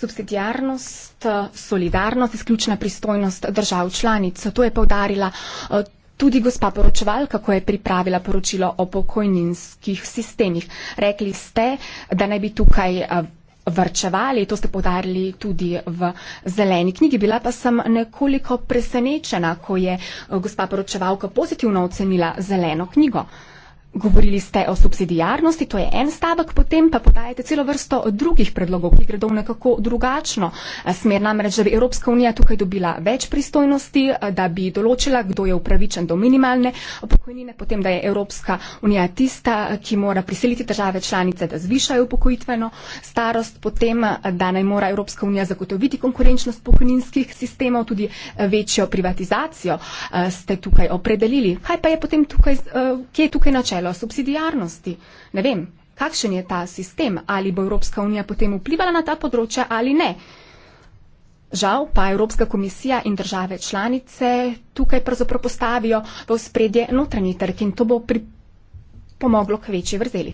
Speaker 3: Subsidiarnost, solidarnost, izključna pristojnost držav članic. To je povdarila eh, tudi gospa poročevalka, ko je pripravila poročilo o pokojninskih sistemih. Rekli ste, da naj bi tukaj eh, vrčevali, to ste podarili tudi v zeleni knjigi, bila pa sem nekoliko presenečena, ko je eh, gospa poročevalka pozitivno ocenila zeleno knjigo. Uh, Govorili ste o subsidijarnosti, to je en stavek, potem pa podajate celo vrsto drugih predlogov, ki gredo v nekako drugačno eh, smer. Namreč, da bi Evropska unija tukaj dobila več pristojnosti, eh, da bi določila, kdo je upravičen do minimalne pokojnine, potem da je Evropska unija tista, eh, ki mora prisiliti države članice, da zvišajo upokojitveno starost, potem da naj mora Evropska unija zagotoviti konkurenčnost pokojninskih sistemov, tudi večjo privatizacijo ste tukaj opredelili. Kaj pa je potem tukaj, kje je tukaj načelo? načelo subsidijarnosti. Ne vem, kakšen je ta sistem, ali bo Evropska unija potem vplivala na ta področja ali ne. Žal pa Evropska komisija in države članice tukaj pravzaprav postavijo v spredje notranji trg in to bo pripravljeno pomoglo k večji vrzeli.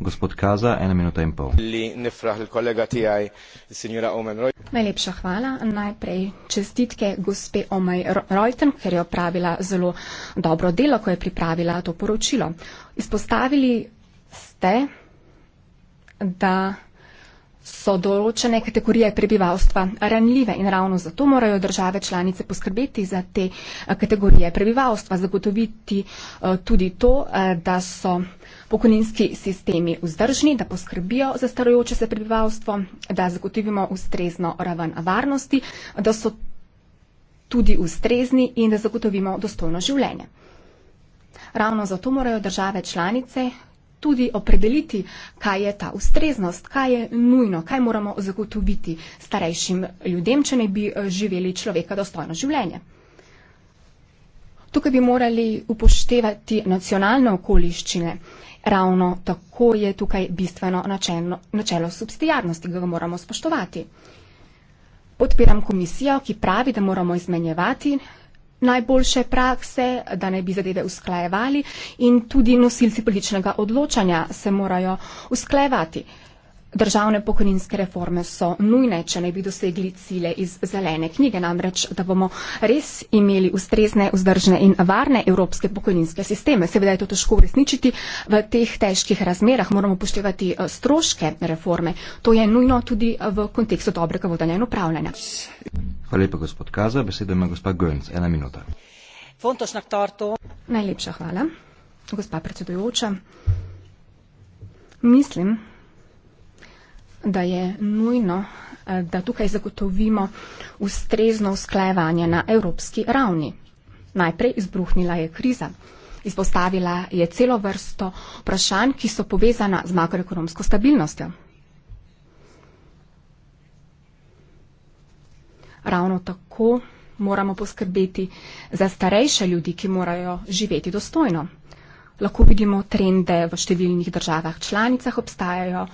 Speaker 1: Gospod Kaza, ena minuta in pol.
Speaker 3: Najlepša hvala. Najprej čestitke gospe Omej Reuten, ker je opravila zelo dobro delo, ko je pripravila to poročilo. Izpostavili ste, da so določene kategorije prebivalstva ranljive in ravno zato morajo države članice poskrbeti za te eh, kategorije prebivalstva, zagotoviti eh, tudi to, eh, da so pokojninski sistemi vzdržni, da poskrbijo za starojoče se prebivalstvo, da zagotovimo ustrezno raven varnosti, da so tudi ustrezni in da zagotovimo dostojno življenje. Ravno zato morajo države članice tudi opredeliti, kaj je ta ustreznost, kaj je nujno, kaj moramo zagotoviti starejšim ljudem, če ne bi eh, živeli človeka dostojno življenje. Tukaj bi morali upoštevati nacionalne okoliščine. Ravno tako je tukaj bistveno načelno, načelo subsidijarnosti, ki ga moramo spoštovati. Podpiram komisijo, ki pravi, da moramo izmenjevati najboljše prakse, da ne bi zadeve usklajevali in tudi nosilci političnega odločanja se morajo usklajevati. Državne pokojninske reforme so nujne, če ne bi dosegli cilje iz zelene knjige, namreč, da bomo res imeli ustrezne, vzdržne in varne evropske pokojninske sisteme. Seveda je to težko uresničiti v teh težkih razmerah, moramo poštevati eh, stroške reforme. To je nujno tudi eh, v kontekstu dobrega vodenja in upravljanja.
Speaker 1: Hvala lepa, gospod Kaza. Besedo ima gospod Gönc. Ena minuta.
Speaker 3: Najlepša hvala, gospa predsedujoča. Mislim, da je nujno, eh, da tukaj zagotovimo ustrezno usklajevanje na evropski ravni. Najprej izbruhnila je kriza. Izpostavila je celo vrsto vprašanj, ki so povezana z makroekonomsko stabilnostjo. Ravno tako moramo poskrbeti za starejše ljudi, ki morajo živeti dostojno. Lahko vidimo trende v številnih državah članicah obstajajo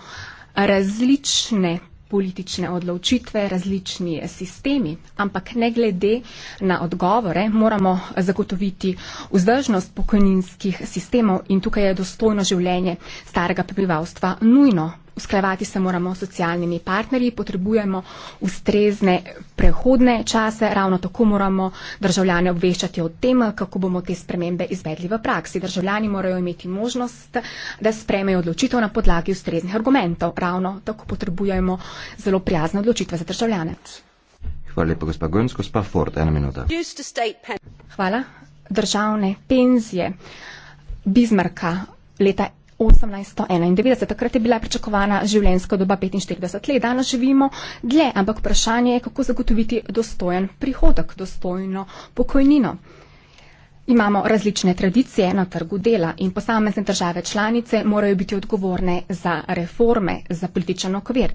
Speaker 3: različne politične odločitve, različni sistemi, ampak ne glede na odgovore moramo zagotoviti vzdržnost pokojninskih sistemov in tukaj je dostojno življenje starega prebivalstva nujno usklajevati se moramo s socialnimi partnerji, potrebujemo ustrezne prehodne čase, ravno tako moramo državljane obveščati o tem, kako bomo te spremembe izvedli v praksi. Državljani morajo imeti možnost, da spremejo odločitev na podlagi ustreznih argumentov. Ravno tako potrebujemo zelo prijazne odločitve za državljane.
Speaker 1: Hvala lepa, gospa Gönc, gospa Ford, ena minuta.
Speaker 3: Hvala. Državne penzije Bizmarka leta osemnajststo enaindevetdeset. Takrat je bila pričakovana življenjska doba petinštirideset let, danes živimo dlje, ampak vprašanje je, kako zagotoviti dostojen prihodek, dostojno pokojnino. Imamo različne tradicije na trgu dela in posamezne države članice morajo biti odgovorne za reforme, za političen okvir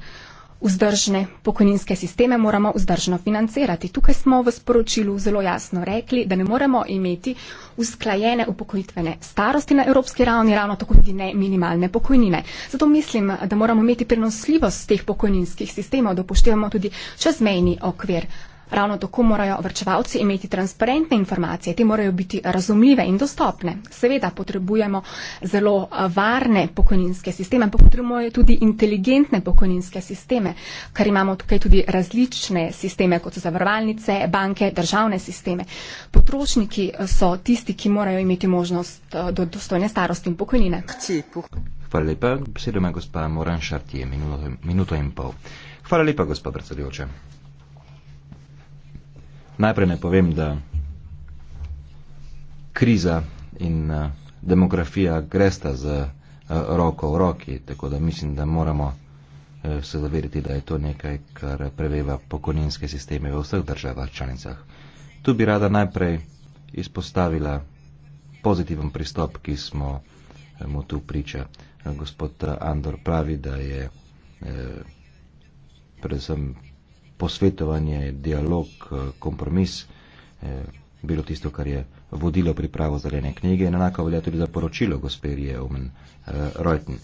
Speaker 3: vzdržne pokojninske sisteme moramo vzdržno financirati. Tukaj smo v sporočilu zelo jasno rekli, da ne moremo imeti usklajene upokojitvene starosti na evropski ravni, ravno tako tudi ne minimalne pokojnine. Zato mislim, da moramo imeti prenosljivost teh pokojninskih sistemov, da upoštevamo tudi čezmejni okvir Ravno tako morajo vrčevalci imeti transparentne informacije, te morajo biti razumljive in dostopne. Seveda potrebujemo zelo eh, varne pokojninske sisteme, ampak potrebujemo tudi inteligentne pokojninske sisteme, ker imamo tukaj tudi različne sisteme, kot so zavarovalnice, banke, državne sisteme. Potrošniki eh, so tisti, ki morajo imeti možnost eh, do dostojne starosti in pokojnine.
Speaker 1: Hvala lepa, besedo ima gospa Moran Šartije, minuto in pol. Hvala lepa, gospa predsedujoča. Najprej ne povem, da kriza in uh, demografija gresta z uh, roko v roki, tako da mislim, da moramo uh, se zaveriti, da je to nekaj, kar preveva pokojninske sisteme v vseh državah članicah. Tu bi rada najprej izpostavila pozitiven pristop, ki smo mu tu priča. Gospod Andor pravi, da je eh, predvsem posvetovanje, dialog, kompromis eh, bilo tisto, kar je vodilo pripravo zelene knjige. Enako velja tudi za poročilo gospe Rije Omen eh, Reutin.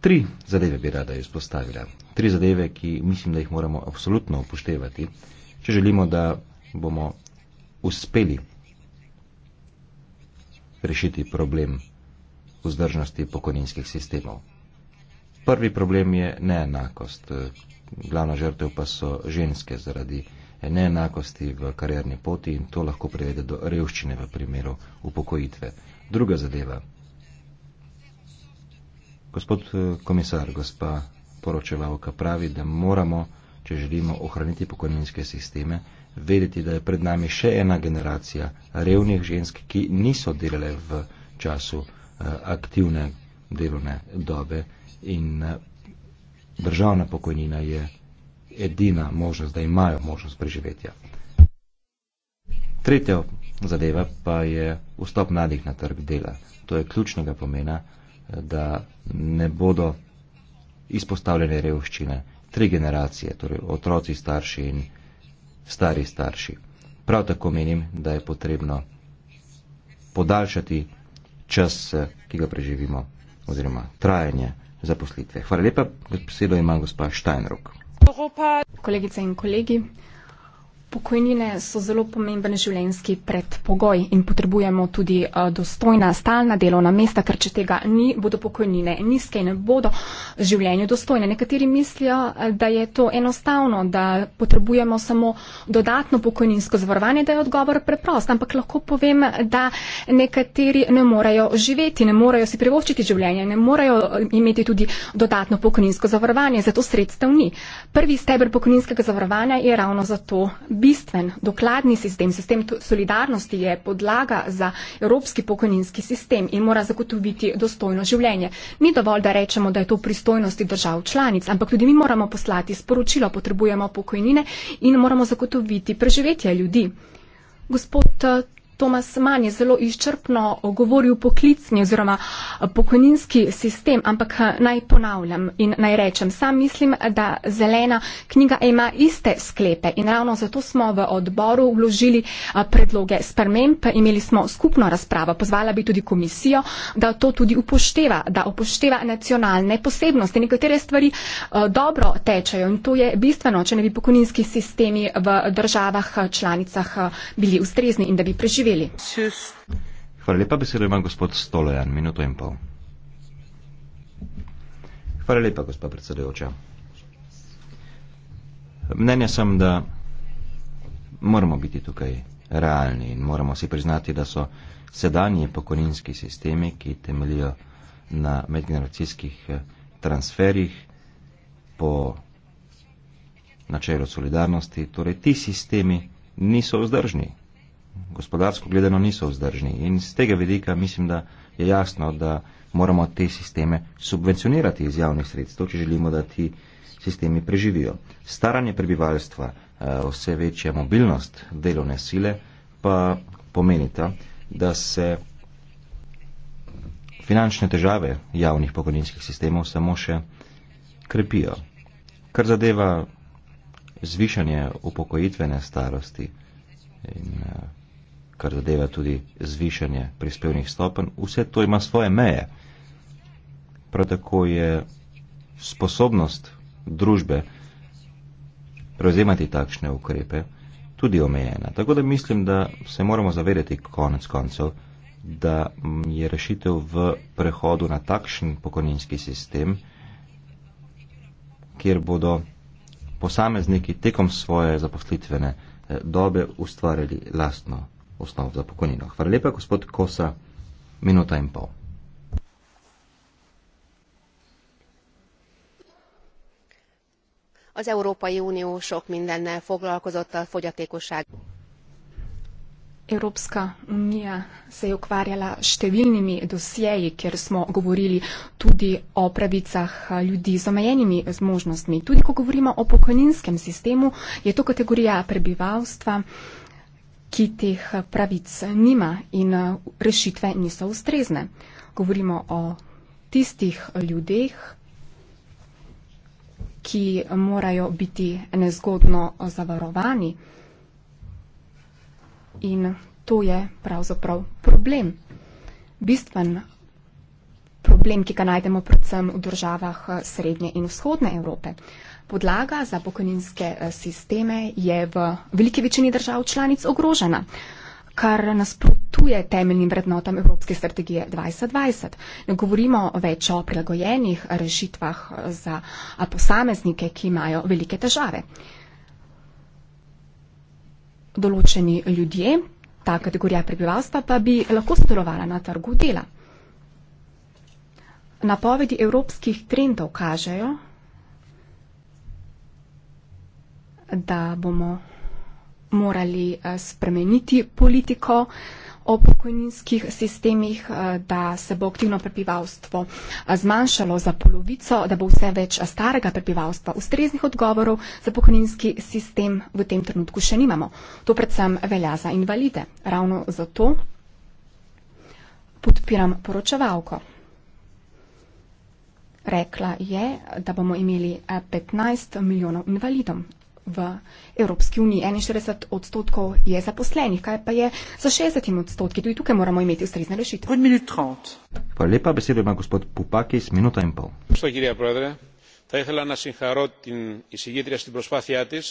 Speaker 1: Tri zadeve bi rada izpostavila. Tri zadeve, ki mislim, da jih moramo absolutno upoštevati, če želimo, da bomo uspeli rešiti problem vzdržnosti pokojninskih sistemov. Prvi problem je neenakost. Eh, glavna žrtev pa so ženske zaradi neenakosti v karjerni poti in to lahko privede do revščine v primeru upokojitve. Druga zadeva. Gospod eh, komisar, gospa poročevalka pravi, da moramo, če želimo ohraniti pokojninske sisteme, vedeti, da je pred nami še ena generacija revnih žensk, ki niso delale v času eh, aktivne delovne dobe in eh, državna pokojnina je edina možnost, da imajo možnost preživetja. Tretja zadeva pa je vstop mladih na trg dela. To je ključnega pomena, da ne bodo izpostavljene revščine tri generacije, torej otroci, starši in stari starši. Prav tako menim, da je potrebno podaljšati čas, eh, ki ga preživimo, oziroma trajanje zaposlitve. Hvala lepa, besedo ima gospa Štajnrok.
Speaker 3: Kolegice in kolegi, Pokojnine so zelo pomemben življenjski predpogoj in potrebujemo tudi eh, dostojna, stalna delovna mesta, ker če tega ni, bodo pokojnine nizke in ne bodo življenju dostojne. Nekateri mislijo, eh, da je to enostavno, da potrebujemo samo dodatno pokojninsko zavarovanje, da je odgovor preprost, ampak lahko povem, da nekateri ne morejo živeti, ne morejo si privoščiti življenja, ne morejo eh, imeti tudi dodatno pokojninsko zavarovanje, zato sredstev ni. Prvi steber pokojninskega zavarovanja je ravno zato bistven, dokladni sistem, sistem solidarnosti je podlaga za evropski pokojninski sistem in mora zagotoviti dostojno življenje. Ni dovolj, da rečemo, da je to v pristojnosti držav članic, ampak tudi mi moramo poslati sporočilo, potrebujemo pokojnine in moramo zagotoviti preživetje ljudi. Gospod Tomas Man je zelo izčrpno govoril poklicni oziroma eh, pokojninski sistem, ampak eh, naj ponavljam in naj rečem, sam mislim, da zelena knjiga ima iste sklepe in ravno zato smo v odboru vložili eh, predloge sprememb, imeli smo skupno razpravo, pozvala bi tudi komisijo, da to tudi upošteva, da upošteva nacionalne posebnosti. Nekatere stvari dobro tečejo in to je bistveno, če ne bi pokojninski sistemi v državah članicah bili ustrezni in da bi preživeli živeli.
Speaker 1: Hvala lepa, besedo ima gospod Stolojan, minuto in pol. Hvala lepa, gospod predsedujoča. Mnenja sem, da moramo biti tukaj realni in moramo si priznati, da so sedanji pokojninski sistemi, ki temelijo na medgeneracijskih eh, transferih po načelu solidarnosti, torej ti sistemi niso vzdržni gospodarsko gledano niso vzdržni. In z tega vidika mislim, da je jasno, da moramo te sisteme subvencionirati iz javnih sredstev, če želimo, da ti sistemi preživijo. Staranje prebivalstva, eh, vse večja mobilnost delovne sile pa pomenita, da se finančne težave javnih pokojninskih sistemov samo še krepijo. Kar zadeva zvišanje upokojitvene starosti in eh, kar zadeva tudi zvišanje prispevnih stopenj, vse to ima svoje meje. Prav tako je sposobnost družbe prevzemati takšne ukrepe tudi omejena. Tako da mislim, da se moramo zavedati konec koncev, da je rešitev v prehodu na takšen pokojninski sistem, kjer bodo posamezniki tekom svoje zaposlitvene eh, dobe ustvarjali lastno osnov za pokojnino. Hvala lepa, gospod Kosa. Minuta in pol.
Speaker 3: Az Európai Unió sok mindennel foglalkozott a fogyatékosság. Evropska unija se je ukvarjala s številnimi dosjeji, ker smo govorili tudi o pravicah ljudi z omejenimi zmožnostmi. Tudi ko govorimo o pokojninskem sistemu, je to kategorija prebivalstva, ki teh eh, pravic eh, nima in eh, rešitve niso ustrezne. Govorimo o tistih ljudeh, ki morajo biti nezgodno zavarovani. In to je pravzaprav problem. Bistven problem, ki ga najdemo predvsem v državah srednje in vzhodne Evrope. Uh, podlaga za pokojninske eh, sisteme je v veliki večini držav članic ogrožena kar nasprotuje temeljnim vrednotam Evropske strategije 2020. Ne govorimo več o prilagojenih rešitvah eh, za eh, posameznike, ki imajo velike težave. Določeni ljudje, ta kategorija prebivalstva, pa bi lahko sodelovala na trgu dela. Napovedi evropskih trendov kažejo, da bomo morali eh, spremeniti politiko o pokojninskih sistemih, eh, da se bo aktivno prebivalstvo eh, zmanjšalo za polovico, da bo vse več starega prebivalstva. Ustreznih odgovorov za pokojninski sistem v tem trenutku še nimamo. To predvsem velja za invalide. Ravno zato podpiram poročevalko. Rekla je, da bomo imeli 15 milijonov invalidom v Evropski uniji. 41 odstotkov je zaposlenih, kaj pa je za 60 odstotki. Tudi tukaj moramo imeti ustrezne rešitve.
Speaker 1: Hvala lepa, besedo ima gospod Pupakis, minuta in pol.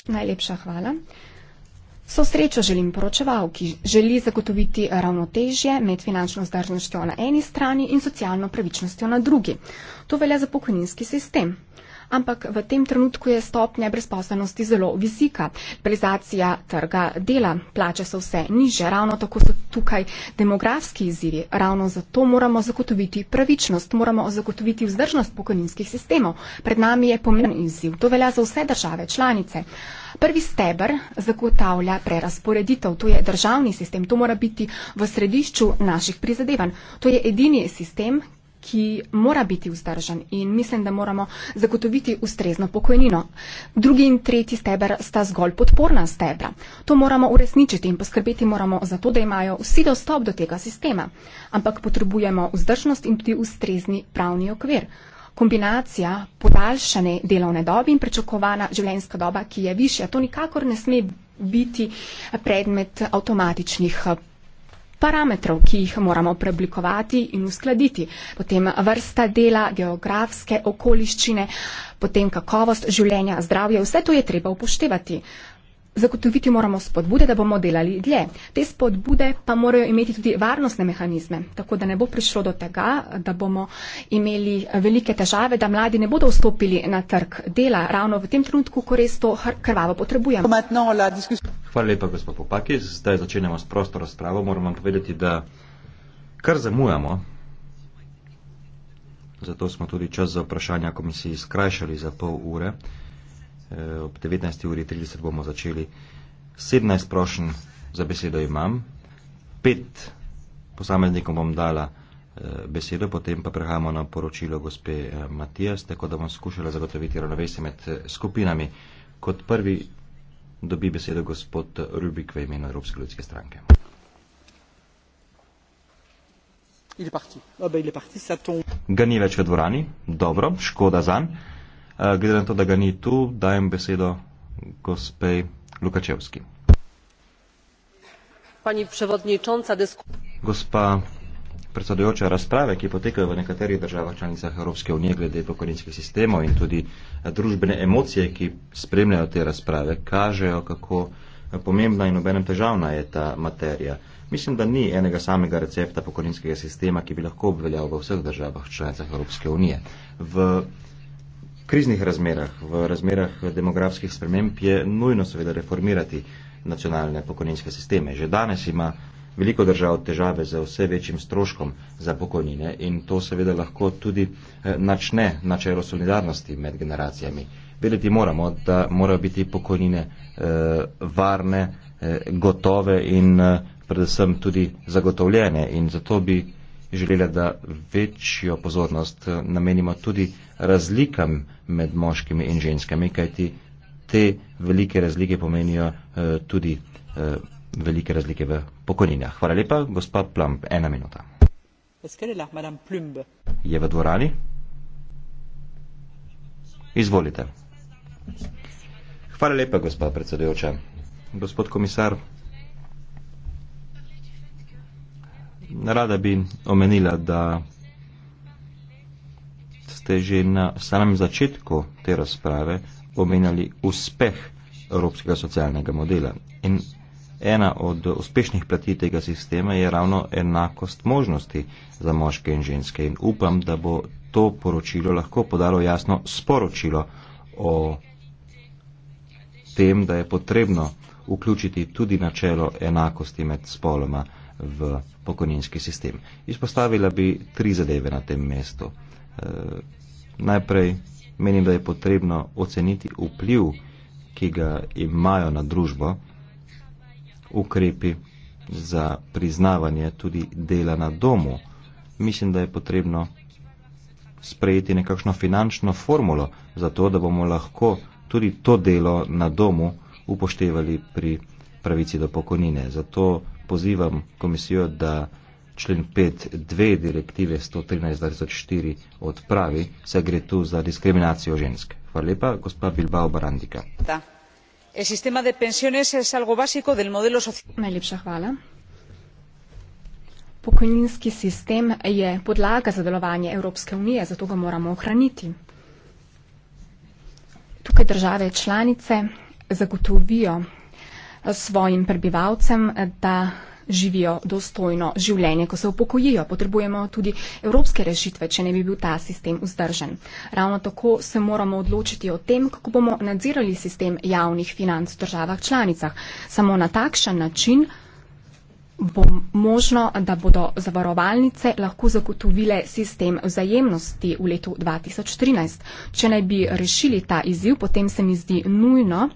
Speaker 3: Najlepša hvala. So srečo želim poročevalki. Želi zagotoviti ravnotežje med finančno zdržnostjo na eni strani in socialno pravičnostjo na drugi. To velja za pokojninski sistem ampak v tem trenutku je stopnja brezposobnosti zelo visoka. Realizacija trga dela, plače so vse niže, ravno tako so tukaj demografski izzivi. Ravno zato moramo zagotoviti pravičnost, moramo zagotoviti vzdržnost pokojninskih sistemov. Pred nami je pomemben izziv. To velja za vse države članice. Prvi stebr zagotavlja prerasporeditev, to je državni sistem, to mora biti v središču naših prizadevanj. To je edini sistem, ki mora biti vzdržen in mislim, da moramo zagotoviti ustrezno pokojnino. Drugi in tretji steber sta zgolj podporna stebra. To moramo uresničiti in poskrbeti moramo za to, da imajo vsi dostop do tega sistema. Ampak potrebujemo vzdržnost in tudi ustrezni pravni okvir. Kombinacija podaljšane delovne dobe in prečakovana življenjska doba, ki je višja, to nikakor ne sme biti predmet avtomatičnih parametrov, ki jih moramo preoblikovati in uskladiti. Potem vrsta dela, geografske okoliščine, potem kakovost življenja, zdravje, vse to je treba upoštevati. Zagotoviti moramo spodbude, da bomo delali dlje. Te spodbude pa morajo imeti tudi varnostne mehanizme, tako da ne bo prišlo do tega, da bomo imeli velike težave, da mladi ne bodo vstopili na trg dela ravno v tem trenutku, ko res to krvavo potrebujemo. Hvala
Speaker 1: lepa, gospod Popaki. Zdaj začenjamo s prosto razpravo. Moram vam povedati, da kar zamujamo. Zato smo tudi čas za vprašanja komisiji skrajšali za pol ure. Eh, ob 19.30 bomo začeli. 17 prošen za besedo imam, 5 posameznikom bom dala eh, besedo, potem pa prehajamo na poročilo gospe eh, Matijas, tako da bom skušala zagotoviti ravnovesje med skupinami. Kot prvi dobi besedo gospod Rubik v imenu Evropske ljudske stranke. Ah, Ga ni več v dvorani, dobro, škoda zanj. Eh, glede na to, da ga ni tu, dajem besedo gospe Lukačevski. Gospa predsedujoča, razprave, ki potekajo v nekaterih državah članicah Evropske unije glede pokojninskih sistemov in tudi eh, družbene emocije, ki spremljajo te razprave, kažejo, kako eh, pomembna in obenem težavna je ta materija. Mislim, da ni enega samega recepta pokojninskega sistema, ki bi lahko obveljal v vseh državah članicah Evropske unije. V kriznih razmerah, v razmerah demografskih sprememb je nujno seveda reformirati nacionalne pokojninske sisteme. Že danes ima veliko držav težave za vse večjim stroškom za pokojnine in to seveda lahko tudi eh, načne načelo solidarnosti med generacijami. Vedeti moramo, da morajo biti pokojnine eh, varne, eh, gotove in eh, predvsem tudi zagotovljene in zato bi želela, da večjo pozornost namenimo tudi razlikam med moškimi in ženskami, kajti te velike razlike pomenijo eh, tudi eh, velike razlike v pokojninah. Hvala lepa, gospa Plump, ena minuta. Je v dvorani? Izvolite. Hvala lepa, gospa predsedujoča. Gospod komisar, rada bi omenila, da ste že na samem začetku te razprave omenjali uspeh evropskega socialnega modela. In ena od uspešnih plati tega sistema je ravno enakost možnosti za moške in ženske. In upam, da bo to poročilo lahko podalo jasno sporočilo o tem, da je potrebno vključiti tudi načelo enakosti med spoloma v pokojninski sistem. Izpostavila bi tri zadeve na tem mestu. E, najprej menim, da je potrebno oceniti vpliv, ki ga imajo na družbo ukrepi za priznavanje tudi dela na domu. Mislim, da je potrebno sprejeti nekakšno finančno formulo za to, da bomo lahko tudi to delo na domu upoštevali pri pravici do pokojnine. Zato pozivam komisijo, da člen 5.2 direktive 113.4 odpravi, saj gre tu za diskriminacijo žensk. Hvala lepa, gospa Bilbao Barandika.
Speaker 3: Najlepša hvala. Pokojninski sistem je podlaga za delovanje Evropske unije, zato ga moramo ohraniti. Tukaj države članice zagotovijo svojim prebivalcem, da živijo dostojno življenje, ko se upokojijo. Potrebujemo tudi evropske rešitve, če ne bi bil ta sistem vzdržen. Ravno tako se moramo odločiti o tem, kako bomo nadzirali sistem javnih financ v državah članicah. Samo na takšen način bo možno, da bodo zavarovalnice lahko zagotovile sistem vzajemnosti v letu 2013. Če naj bi rešili ta izziv, potem se mi zdi nujno,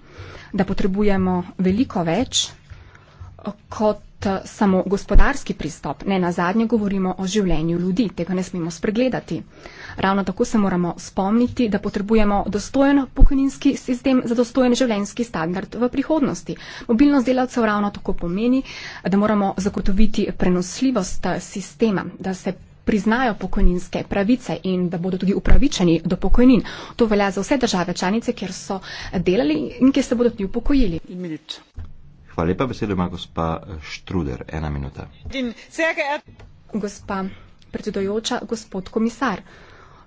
Speaker 3: da potrebujemo veliko več kot eh, samo gospodarski pristop. Ne na zadnje govorimo o življenju ljudi, tega ne smemo spregledati. Ravno tako se moramo spomniti, da potrebujemo dostojen pokojninski sistem za dostojen življenjski standard v prihodnosti. Mobilnost delavcev ravno tako pomeni, da moramo zagotoviti prenosljivost eh, sistema, da se priznajo pokojninske pravice in da bodo tudi upravičeni do pokojnin. To velja za vse države članice, kjer so delali in kjer se bodo tudi upokojili. Minute.
Speaker 1: Hvala lepa, besedo ima gospa eh, Štruder, ena minuta.
Speaker 3: Gospa predsedojoča, gospod komisar.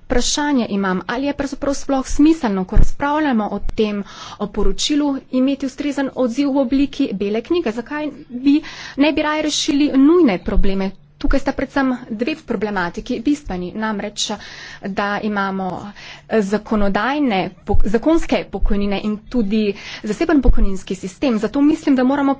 Speaker 3: Vprašanje imam, ali je pravzaprav sploh smiselno, ko razpravljamo o tem o poročilu, imeti ustrezen odziv v obliki bele knjige? Zakaj bi, ne bi raje rešili nujne probleme, Tukaj sta predvsem dve problematiki bistveni, namreč, da imamo eh, zakonodajne, zakonske pokojnine in tudi zaseben pokojninski sistem. Zato mislim, da moramo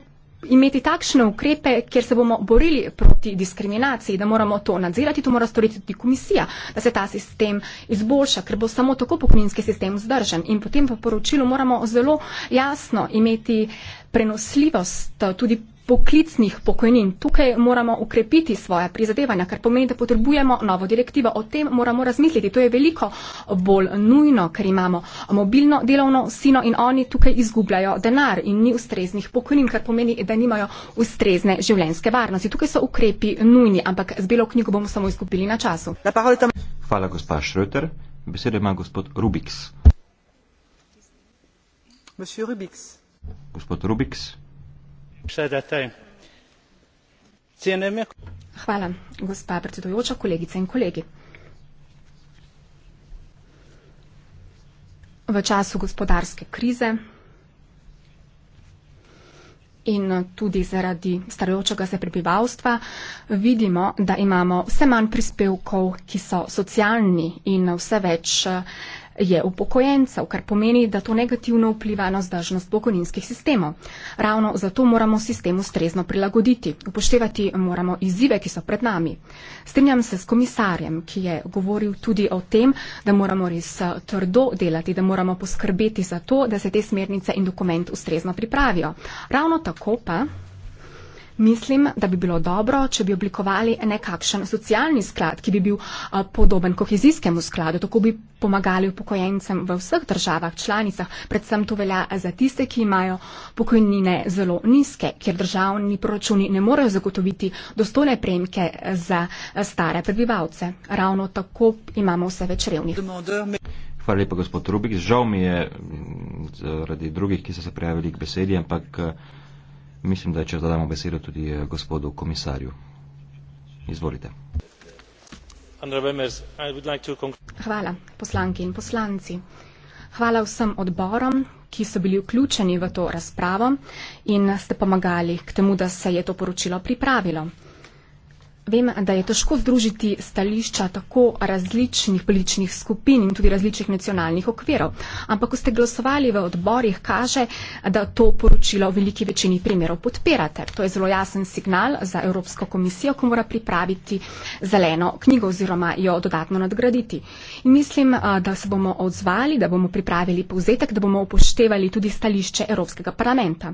Speaker 3: imeti takšne ukrepe, kjer se bomo borili proti diskriminaciji, da moramo to nadzirati, to mora storiti tudi komisija, da se ta sistem izboljša, ker bo samo tako pokojninski sistem vzdržen. In potem v poročilu moramo zelo jasno imeti prenosljivost tudi poklicnih pokojnin. Tukaj moramo ukrepiti svoje prizadevanja, kar pomeni, da potrebujemo novo direktivo. O tem moramo razmisliti. To je veliko bolj nujno, ker imamo mobilno delovno sino in oni tukaj izgubljajo denar in ni ustreznih pokojnin, kar pomeni, da nimajo ustrezne življenjske varnosti. Tukaj so ukrepi nujni, ampak z belo knjigo bomo samo izgubili na času.
Speaker 1: Hvala, gospa Šrøter. Besedo ima gospod Rubiks. Gospod Rubiks.
Speaker 3: Hvala, gospa predsedujoča, kolegice in kolegi. V času gospodarske krize in tudi zaradi starajočega se prebivalstva vidimo, da imamo vse manj prispevkov, ki so socialni in vse več, je upokojencev, kar pomeni, da to negativno vpliva na zdržnost pokojninskih sistemov. Ravno zato moramo sistem ustrezno prilagoditi. Upoštevati moramo izzive, ki so pred nami. Strinjam se s komisarjem, ki je govoril tudi o tem, da moramo res eh, trdo delati, da moramo poskrbeti za to, da se te smernice in dokument ustrezno pripravijo. Ravno tako pa. Mislim, da bi bilo dobro, če bi oblikovali nekakšen socialni sklad, ki bi bil podoben kohezijskemu skladu, tako bi pomagali upokojencem v vseh državah članicah, predvsem to velja za tiste, ki imajo pokojnine zelo nizke, ker državni proračuni ne morejo zagotoviti dostojne premike za stare prebivalce. Ravno tako imamo vse več revnih.
Speaker 1: Hvala lepa, gospod Rubik. Žal mi je zaradi drugih, ki so se prijavili k besedi, ampak. Mislim, da če dodamo besedo tudi eh, gospodu komisarju. Izvolite.
Speaker 3: Hvala poslanki in poslanci. Hvala vsem odborom, ki so bili vključeni v to razpravo in ste pomagali k temu, da se je to poročilo pripravilo. Vem, da je težko združiti stališča tako različnih političnih skupin in tudi različnih nacionalnih okvirov. Ampak, ko ste glasovali v odborih, kaže, da to poročilo v veliki večini primerov podpirate. To je zelo jasen signal za Evropsko komisijo, ko mora pripraviti zeleno knjigo oziroma jo dodatno nadgraditi. In mislim, eh, da se bomo odzvali, da bomo pripravili povzetek, da bomo upoštevali tudi stališče Evropskega parlamenta.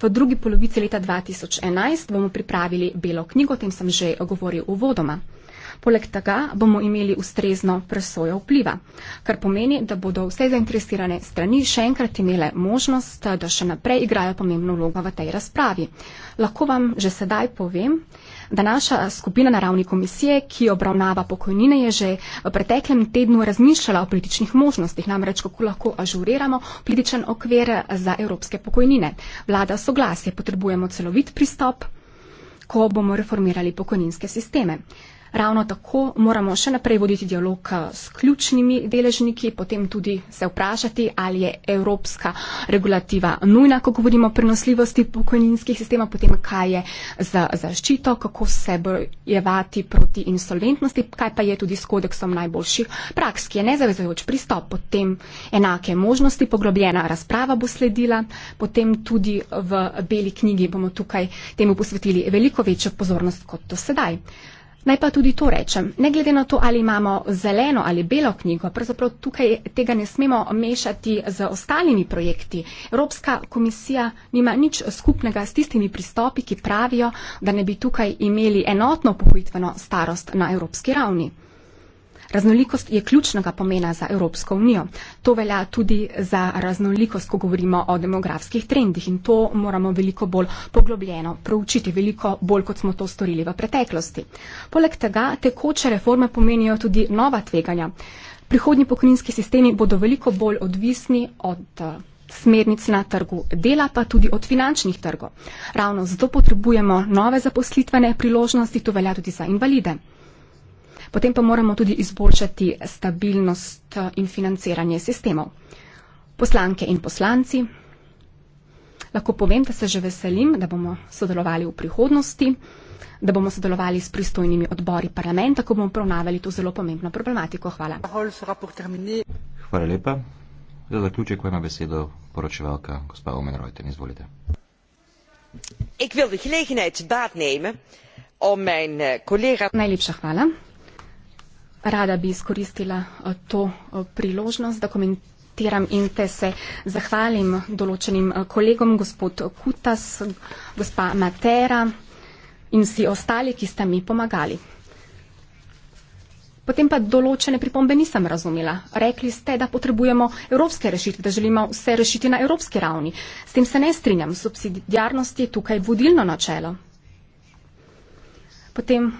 Speaker 3: V drugi polovici leta 2011 bomo pripravili belo knjigo, o tem sem že govoril uvodoma. Poleg tega bomo imeli ustrezno presojo vpliva, kar pomeni, da bodo vse zainteresirane strani še enkrat imele možnost, da še naprej igrajo pomembno vlogo v tej razpravi. Lahko vam že sedaj povem, da naša skupina na ravni komisije, ki obravnava pokojnine, je že v preteklem tednu razmišljala o političnih možnostih, namreč kako lahko ažuriramo političen okvir za evropske pokojnine. Vlada soglasje, potrebujemo celovit pristop, ko bomo reformirali pokojninske sisteme. Ravno tako moramo še naprej voditi dialog eh, s ključnimi deležniki, potem tudi se vprašati, ali je evropska regulativa nujna, ko govorimo o prenosljivosti pokojninskih sistema, potem kaj je za zaščito, kako se bojevati proti insolventnosti, kaj pa je tudi s kodeksom najboljših praks, ki je nezavezujoč pristop, potem enake možnosti, poglobljena razprava bo sledila, potem tudi v beli knjigi bomo tukaj temu posvetili veliko večjo pozornost kot do sedaj. Naj pa tudi to rečem. Ne glede na to, ali imamo zeleno ali belo knjigo, pravzaprav tukaj tega ne smemo mešati z ostalimi projekti. Evropska komisija nima nič skupnega s tistimi pristopi, ki pravijo, da ne bi tukaj imeli enotno pokojitveno starost na evropski ravni. Raznolikost je ključnega pomena za Evropsko unijo. To velja tudi za raznolikost, ko govorimo o demografskih trendih in to moramo veliko bolj poglobljeno proučiti, veliko bolj, kot smo to storili v preteklosti. Poleg tega tekoče reforme pomenijo tudi nova tveganja. Prihodnji pokojninski sistemi bodo veliko bolj odvisni od eh, smernic na trgu dela, pa tudi od finančnih trgov. Ravno zato potrebujemo nove zaposlitvene priložnosti, to velja tudi za invalide. Potem pa moramo tudi izboljšati stabilnost eh, in financiranje sistemov. Poslanke in poslanci, lahko povem, da se že veselim, da bomo sodelovali v prihodnosti, da bomo sodelovali s pristojnimi odbori parlamenta, ko bomo obravnavali to zelo pomembno problematiko. Hvala.
Speaker 1: Hvala lepa. Za zaključek pa ima besedo poročevalka gospa Omen Reuten. Izvolite.
Speaker 3: Ik wil de
Speaker 2: gelegenheid baat nemen om mijn eh, collega...
Speaker 3: Najlepša hvala. Rada bi izkoristila eh, to eh, priložnost, da komentiram in te se zahvalim določenim eh, kolegom, gospod Kutas, gospa Matera in vsi ostali, ki ste mi pomagali. Potem pa določene pripombe nisem razumela. Rekli ste, da potrebujemo evropske rešitve, da želimo vse rešiti na evropski ravni. S tem se ne strinjam. Subsidijarnost je tukaj vodilno načelo. Potem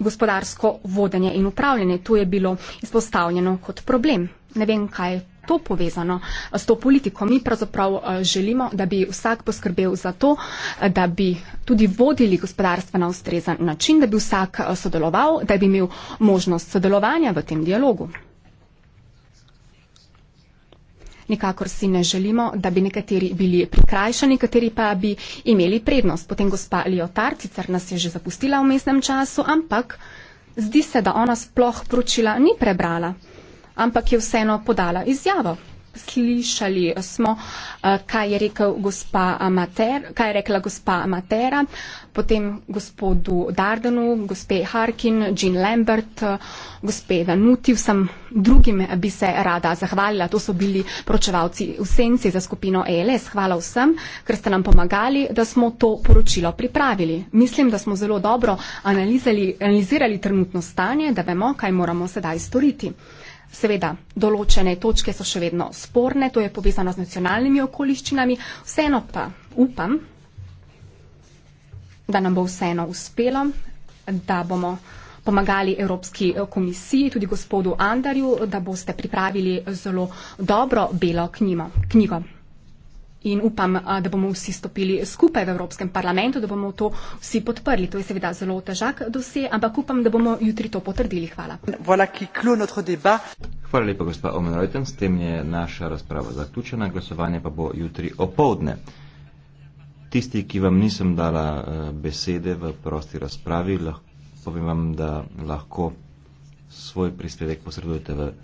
Speaker 3: gospodarsko vodenje in upravljanje. To je bilo izpostavljeno kot problem. Ne vem, kaj je to povezano eh, s to politiko. Mi pravzaprav eh, želimo, da bi vsak poskrbel za to, eh, da bi tudi vodili gospodarstvo na ustrezan način, da bi vsak sodeloval, da bi imel možnost sodelovanja v tem dialogu. Nikakor si ne želimo, da bi nekateri bili prikrajšani, kateri pa bi imeli prednost. Potem gospa Liotar, sicer nas je že zapustila v mestnem času, ampak zdi se, da ona sploh poročila ni prebrala, ampak je vseeno podala izjavo slišali smo, eh, kaj je, rekel gospa Mater, kaj je rekla gospa Matera, potem gospodu Dardenu, gospe Harkin, Jean Lambert, eh, gospe Vanuti, vsem drugim bi se rada zahvalila. To so bili poročevalci v senci za skupino ELS. Hvala vsem, ker ste nam pomagali, da smo to poročilo pripravili. Mislim, da smo zelo dobro analizirali trenutno stanje, da vemo, kaj moramo sedaj storiti. Seveda, določene točke so še vedno sporne, to je povezano z nacionalnimi okoliščinami, vseeno pa upam, da nam bo vseeno uspelo, da bomo pomagali Evropski komisiji, tudi gospodu Andarju, da boste pripravili zelo dobro belo knjimo, knjigo in upam, da bomo vsi stopili skupaj v Evropskem parlamentu, da bomo to vsi podprli. To je seveda zelo težak dose, ampak upam, da bomo jutri to potrdili. Hvala.
Speaker 1: Hvala lepa, gospa Omen Reuten. S tem je naša razprava zaključena. Glasovanje pa bo jutri opovdne. Tisti, ki vam nisem dala e, besede v prosti razpravi, lahko, povem vam, da lahko svoj prispevek posredujete v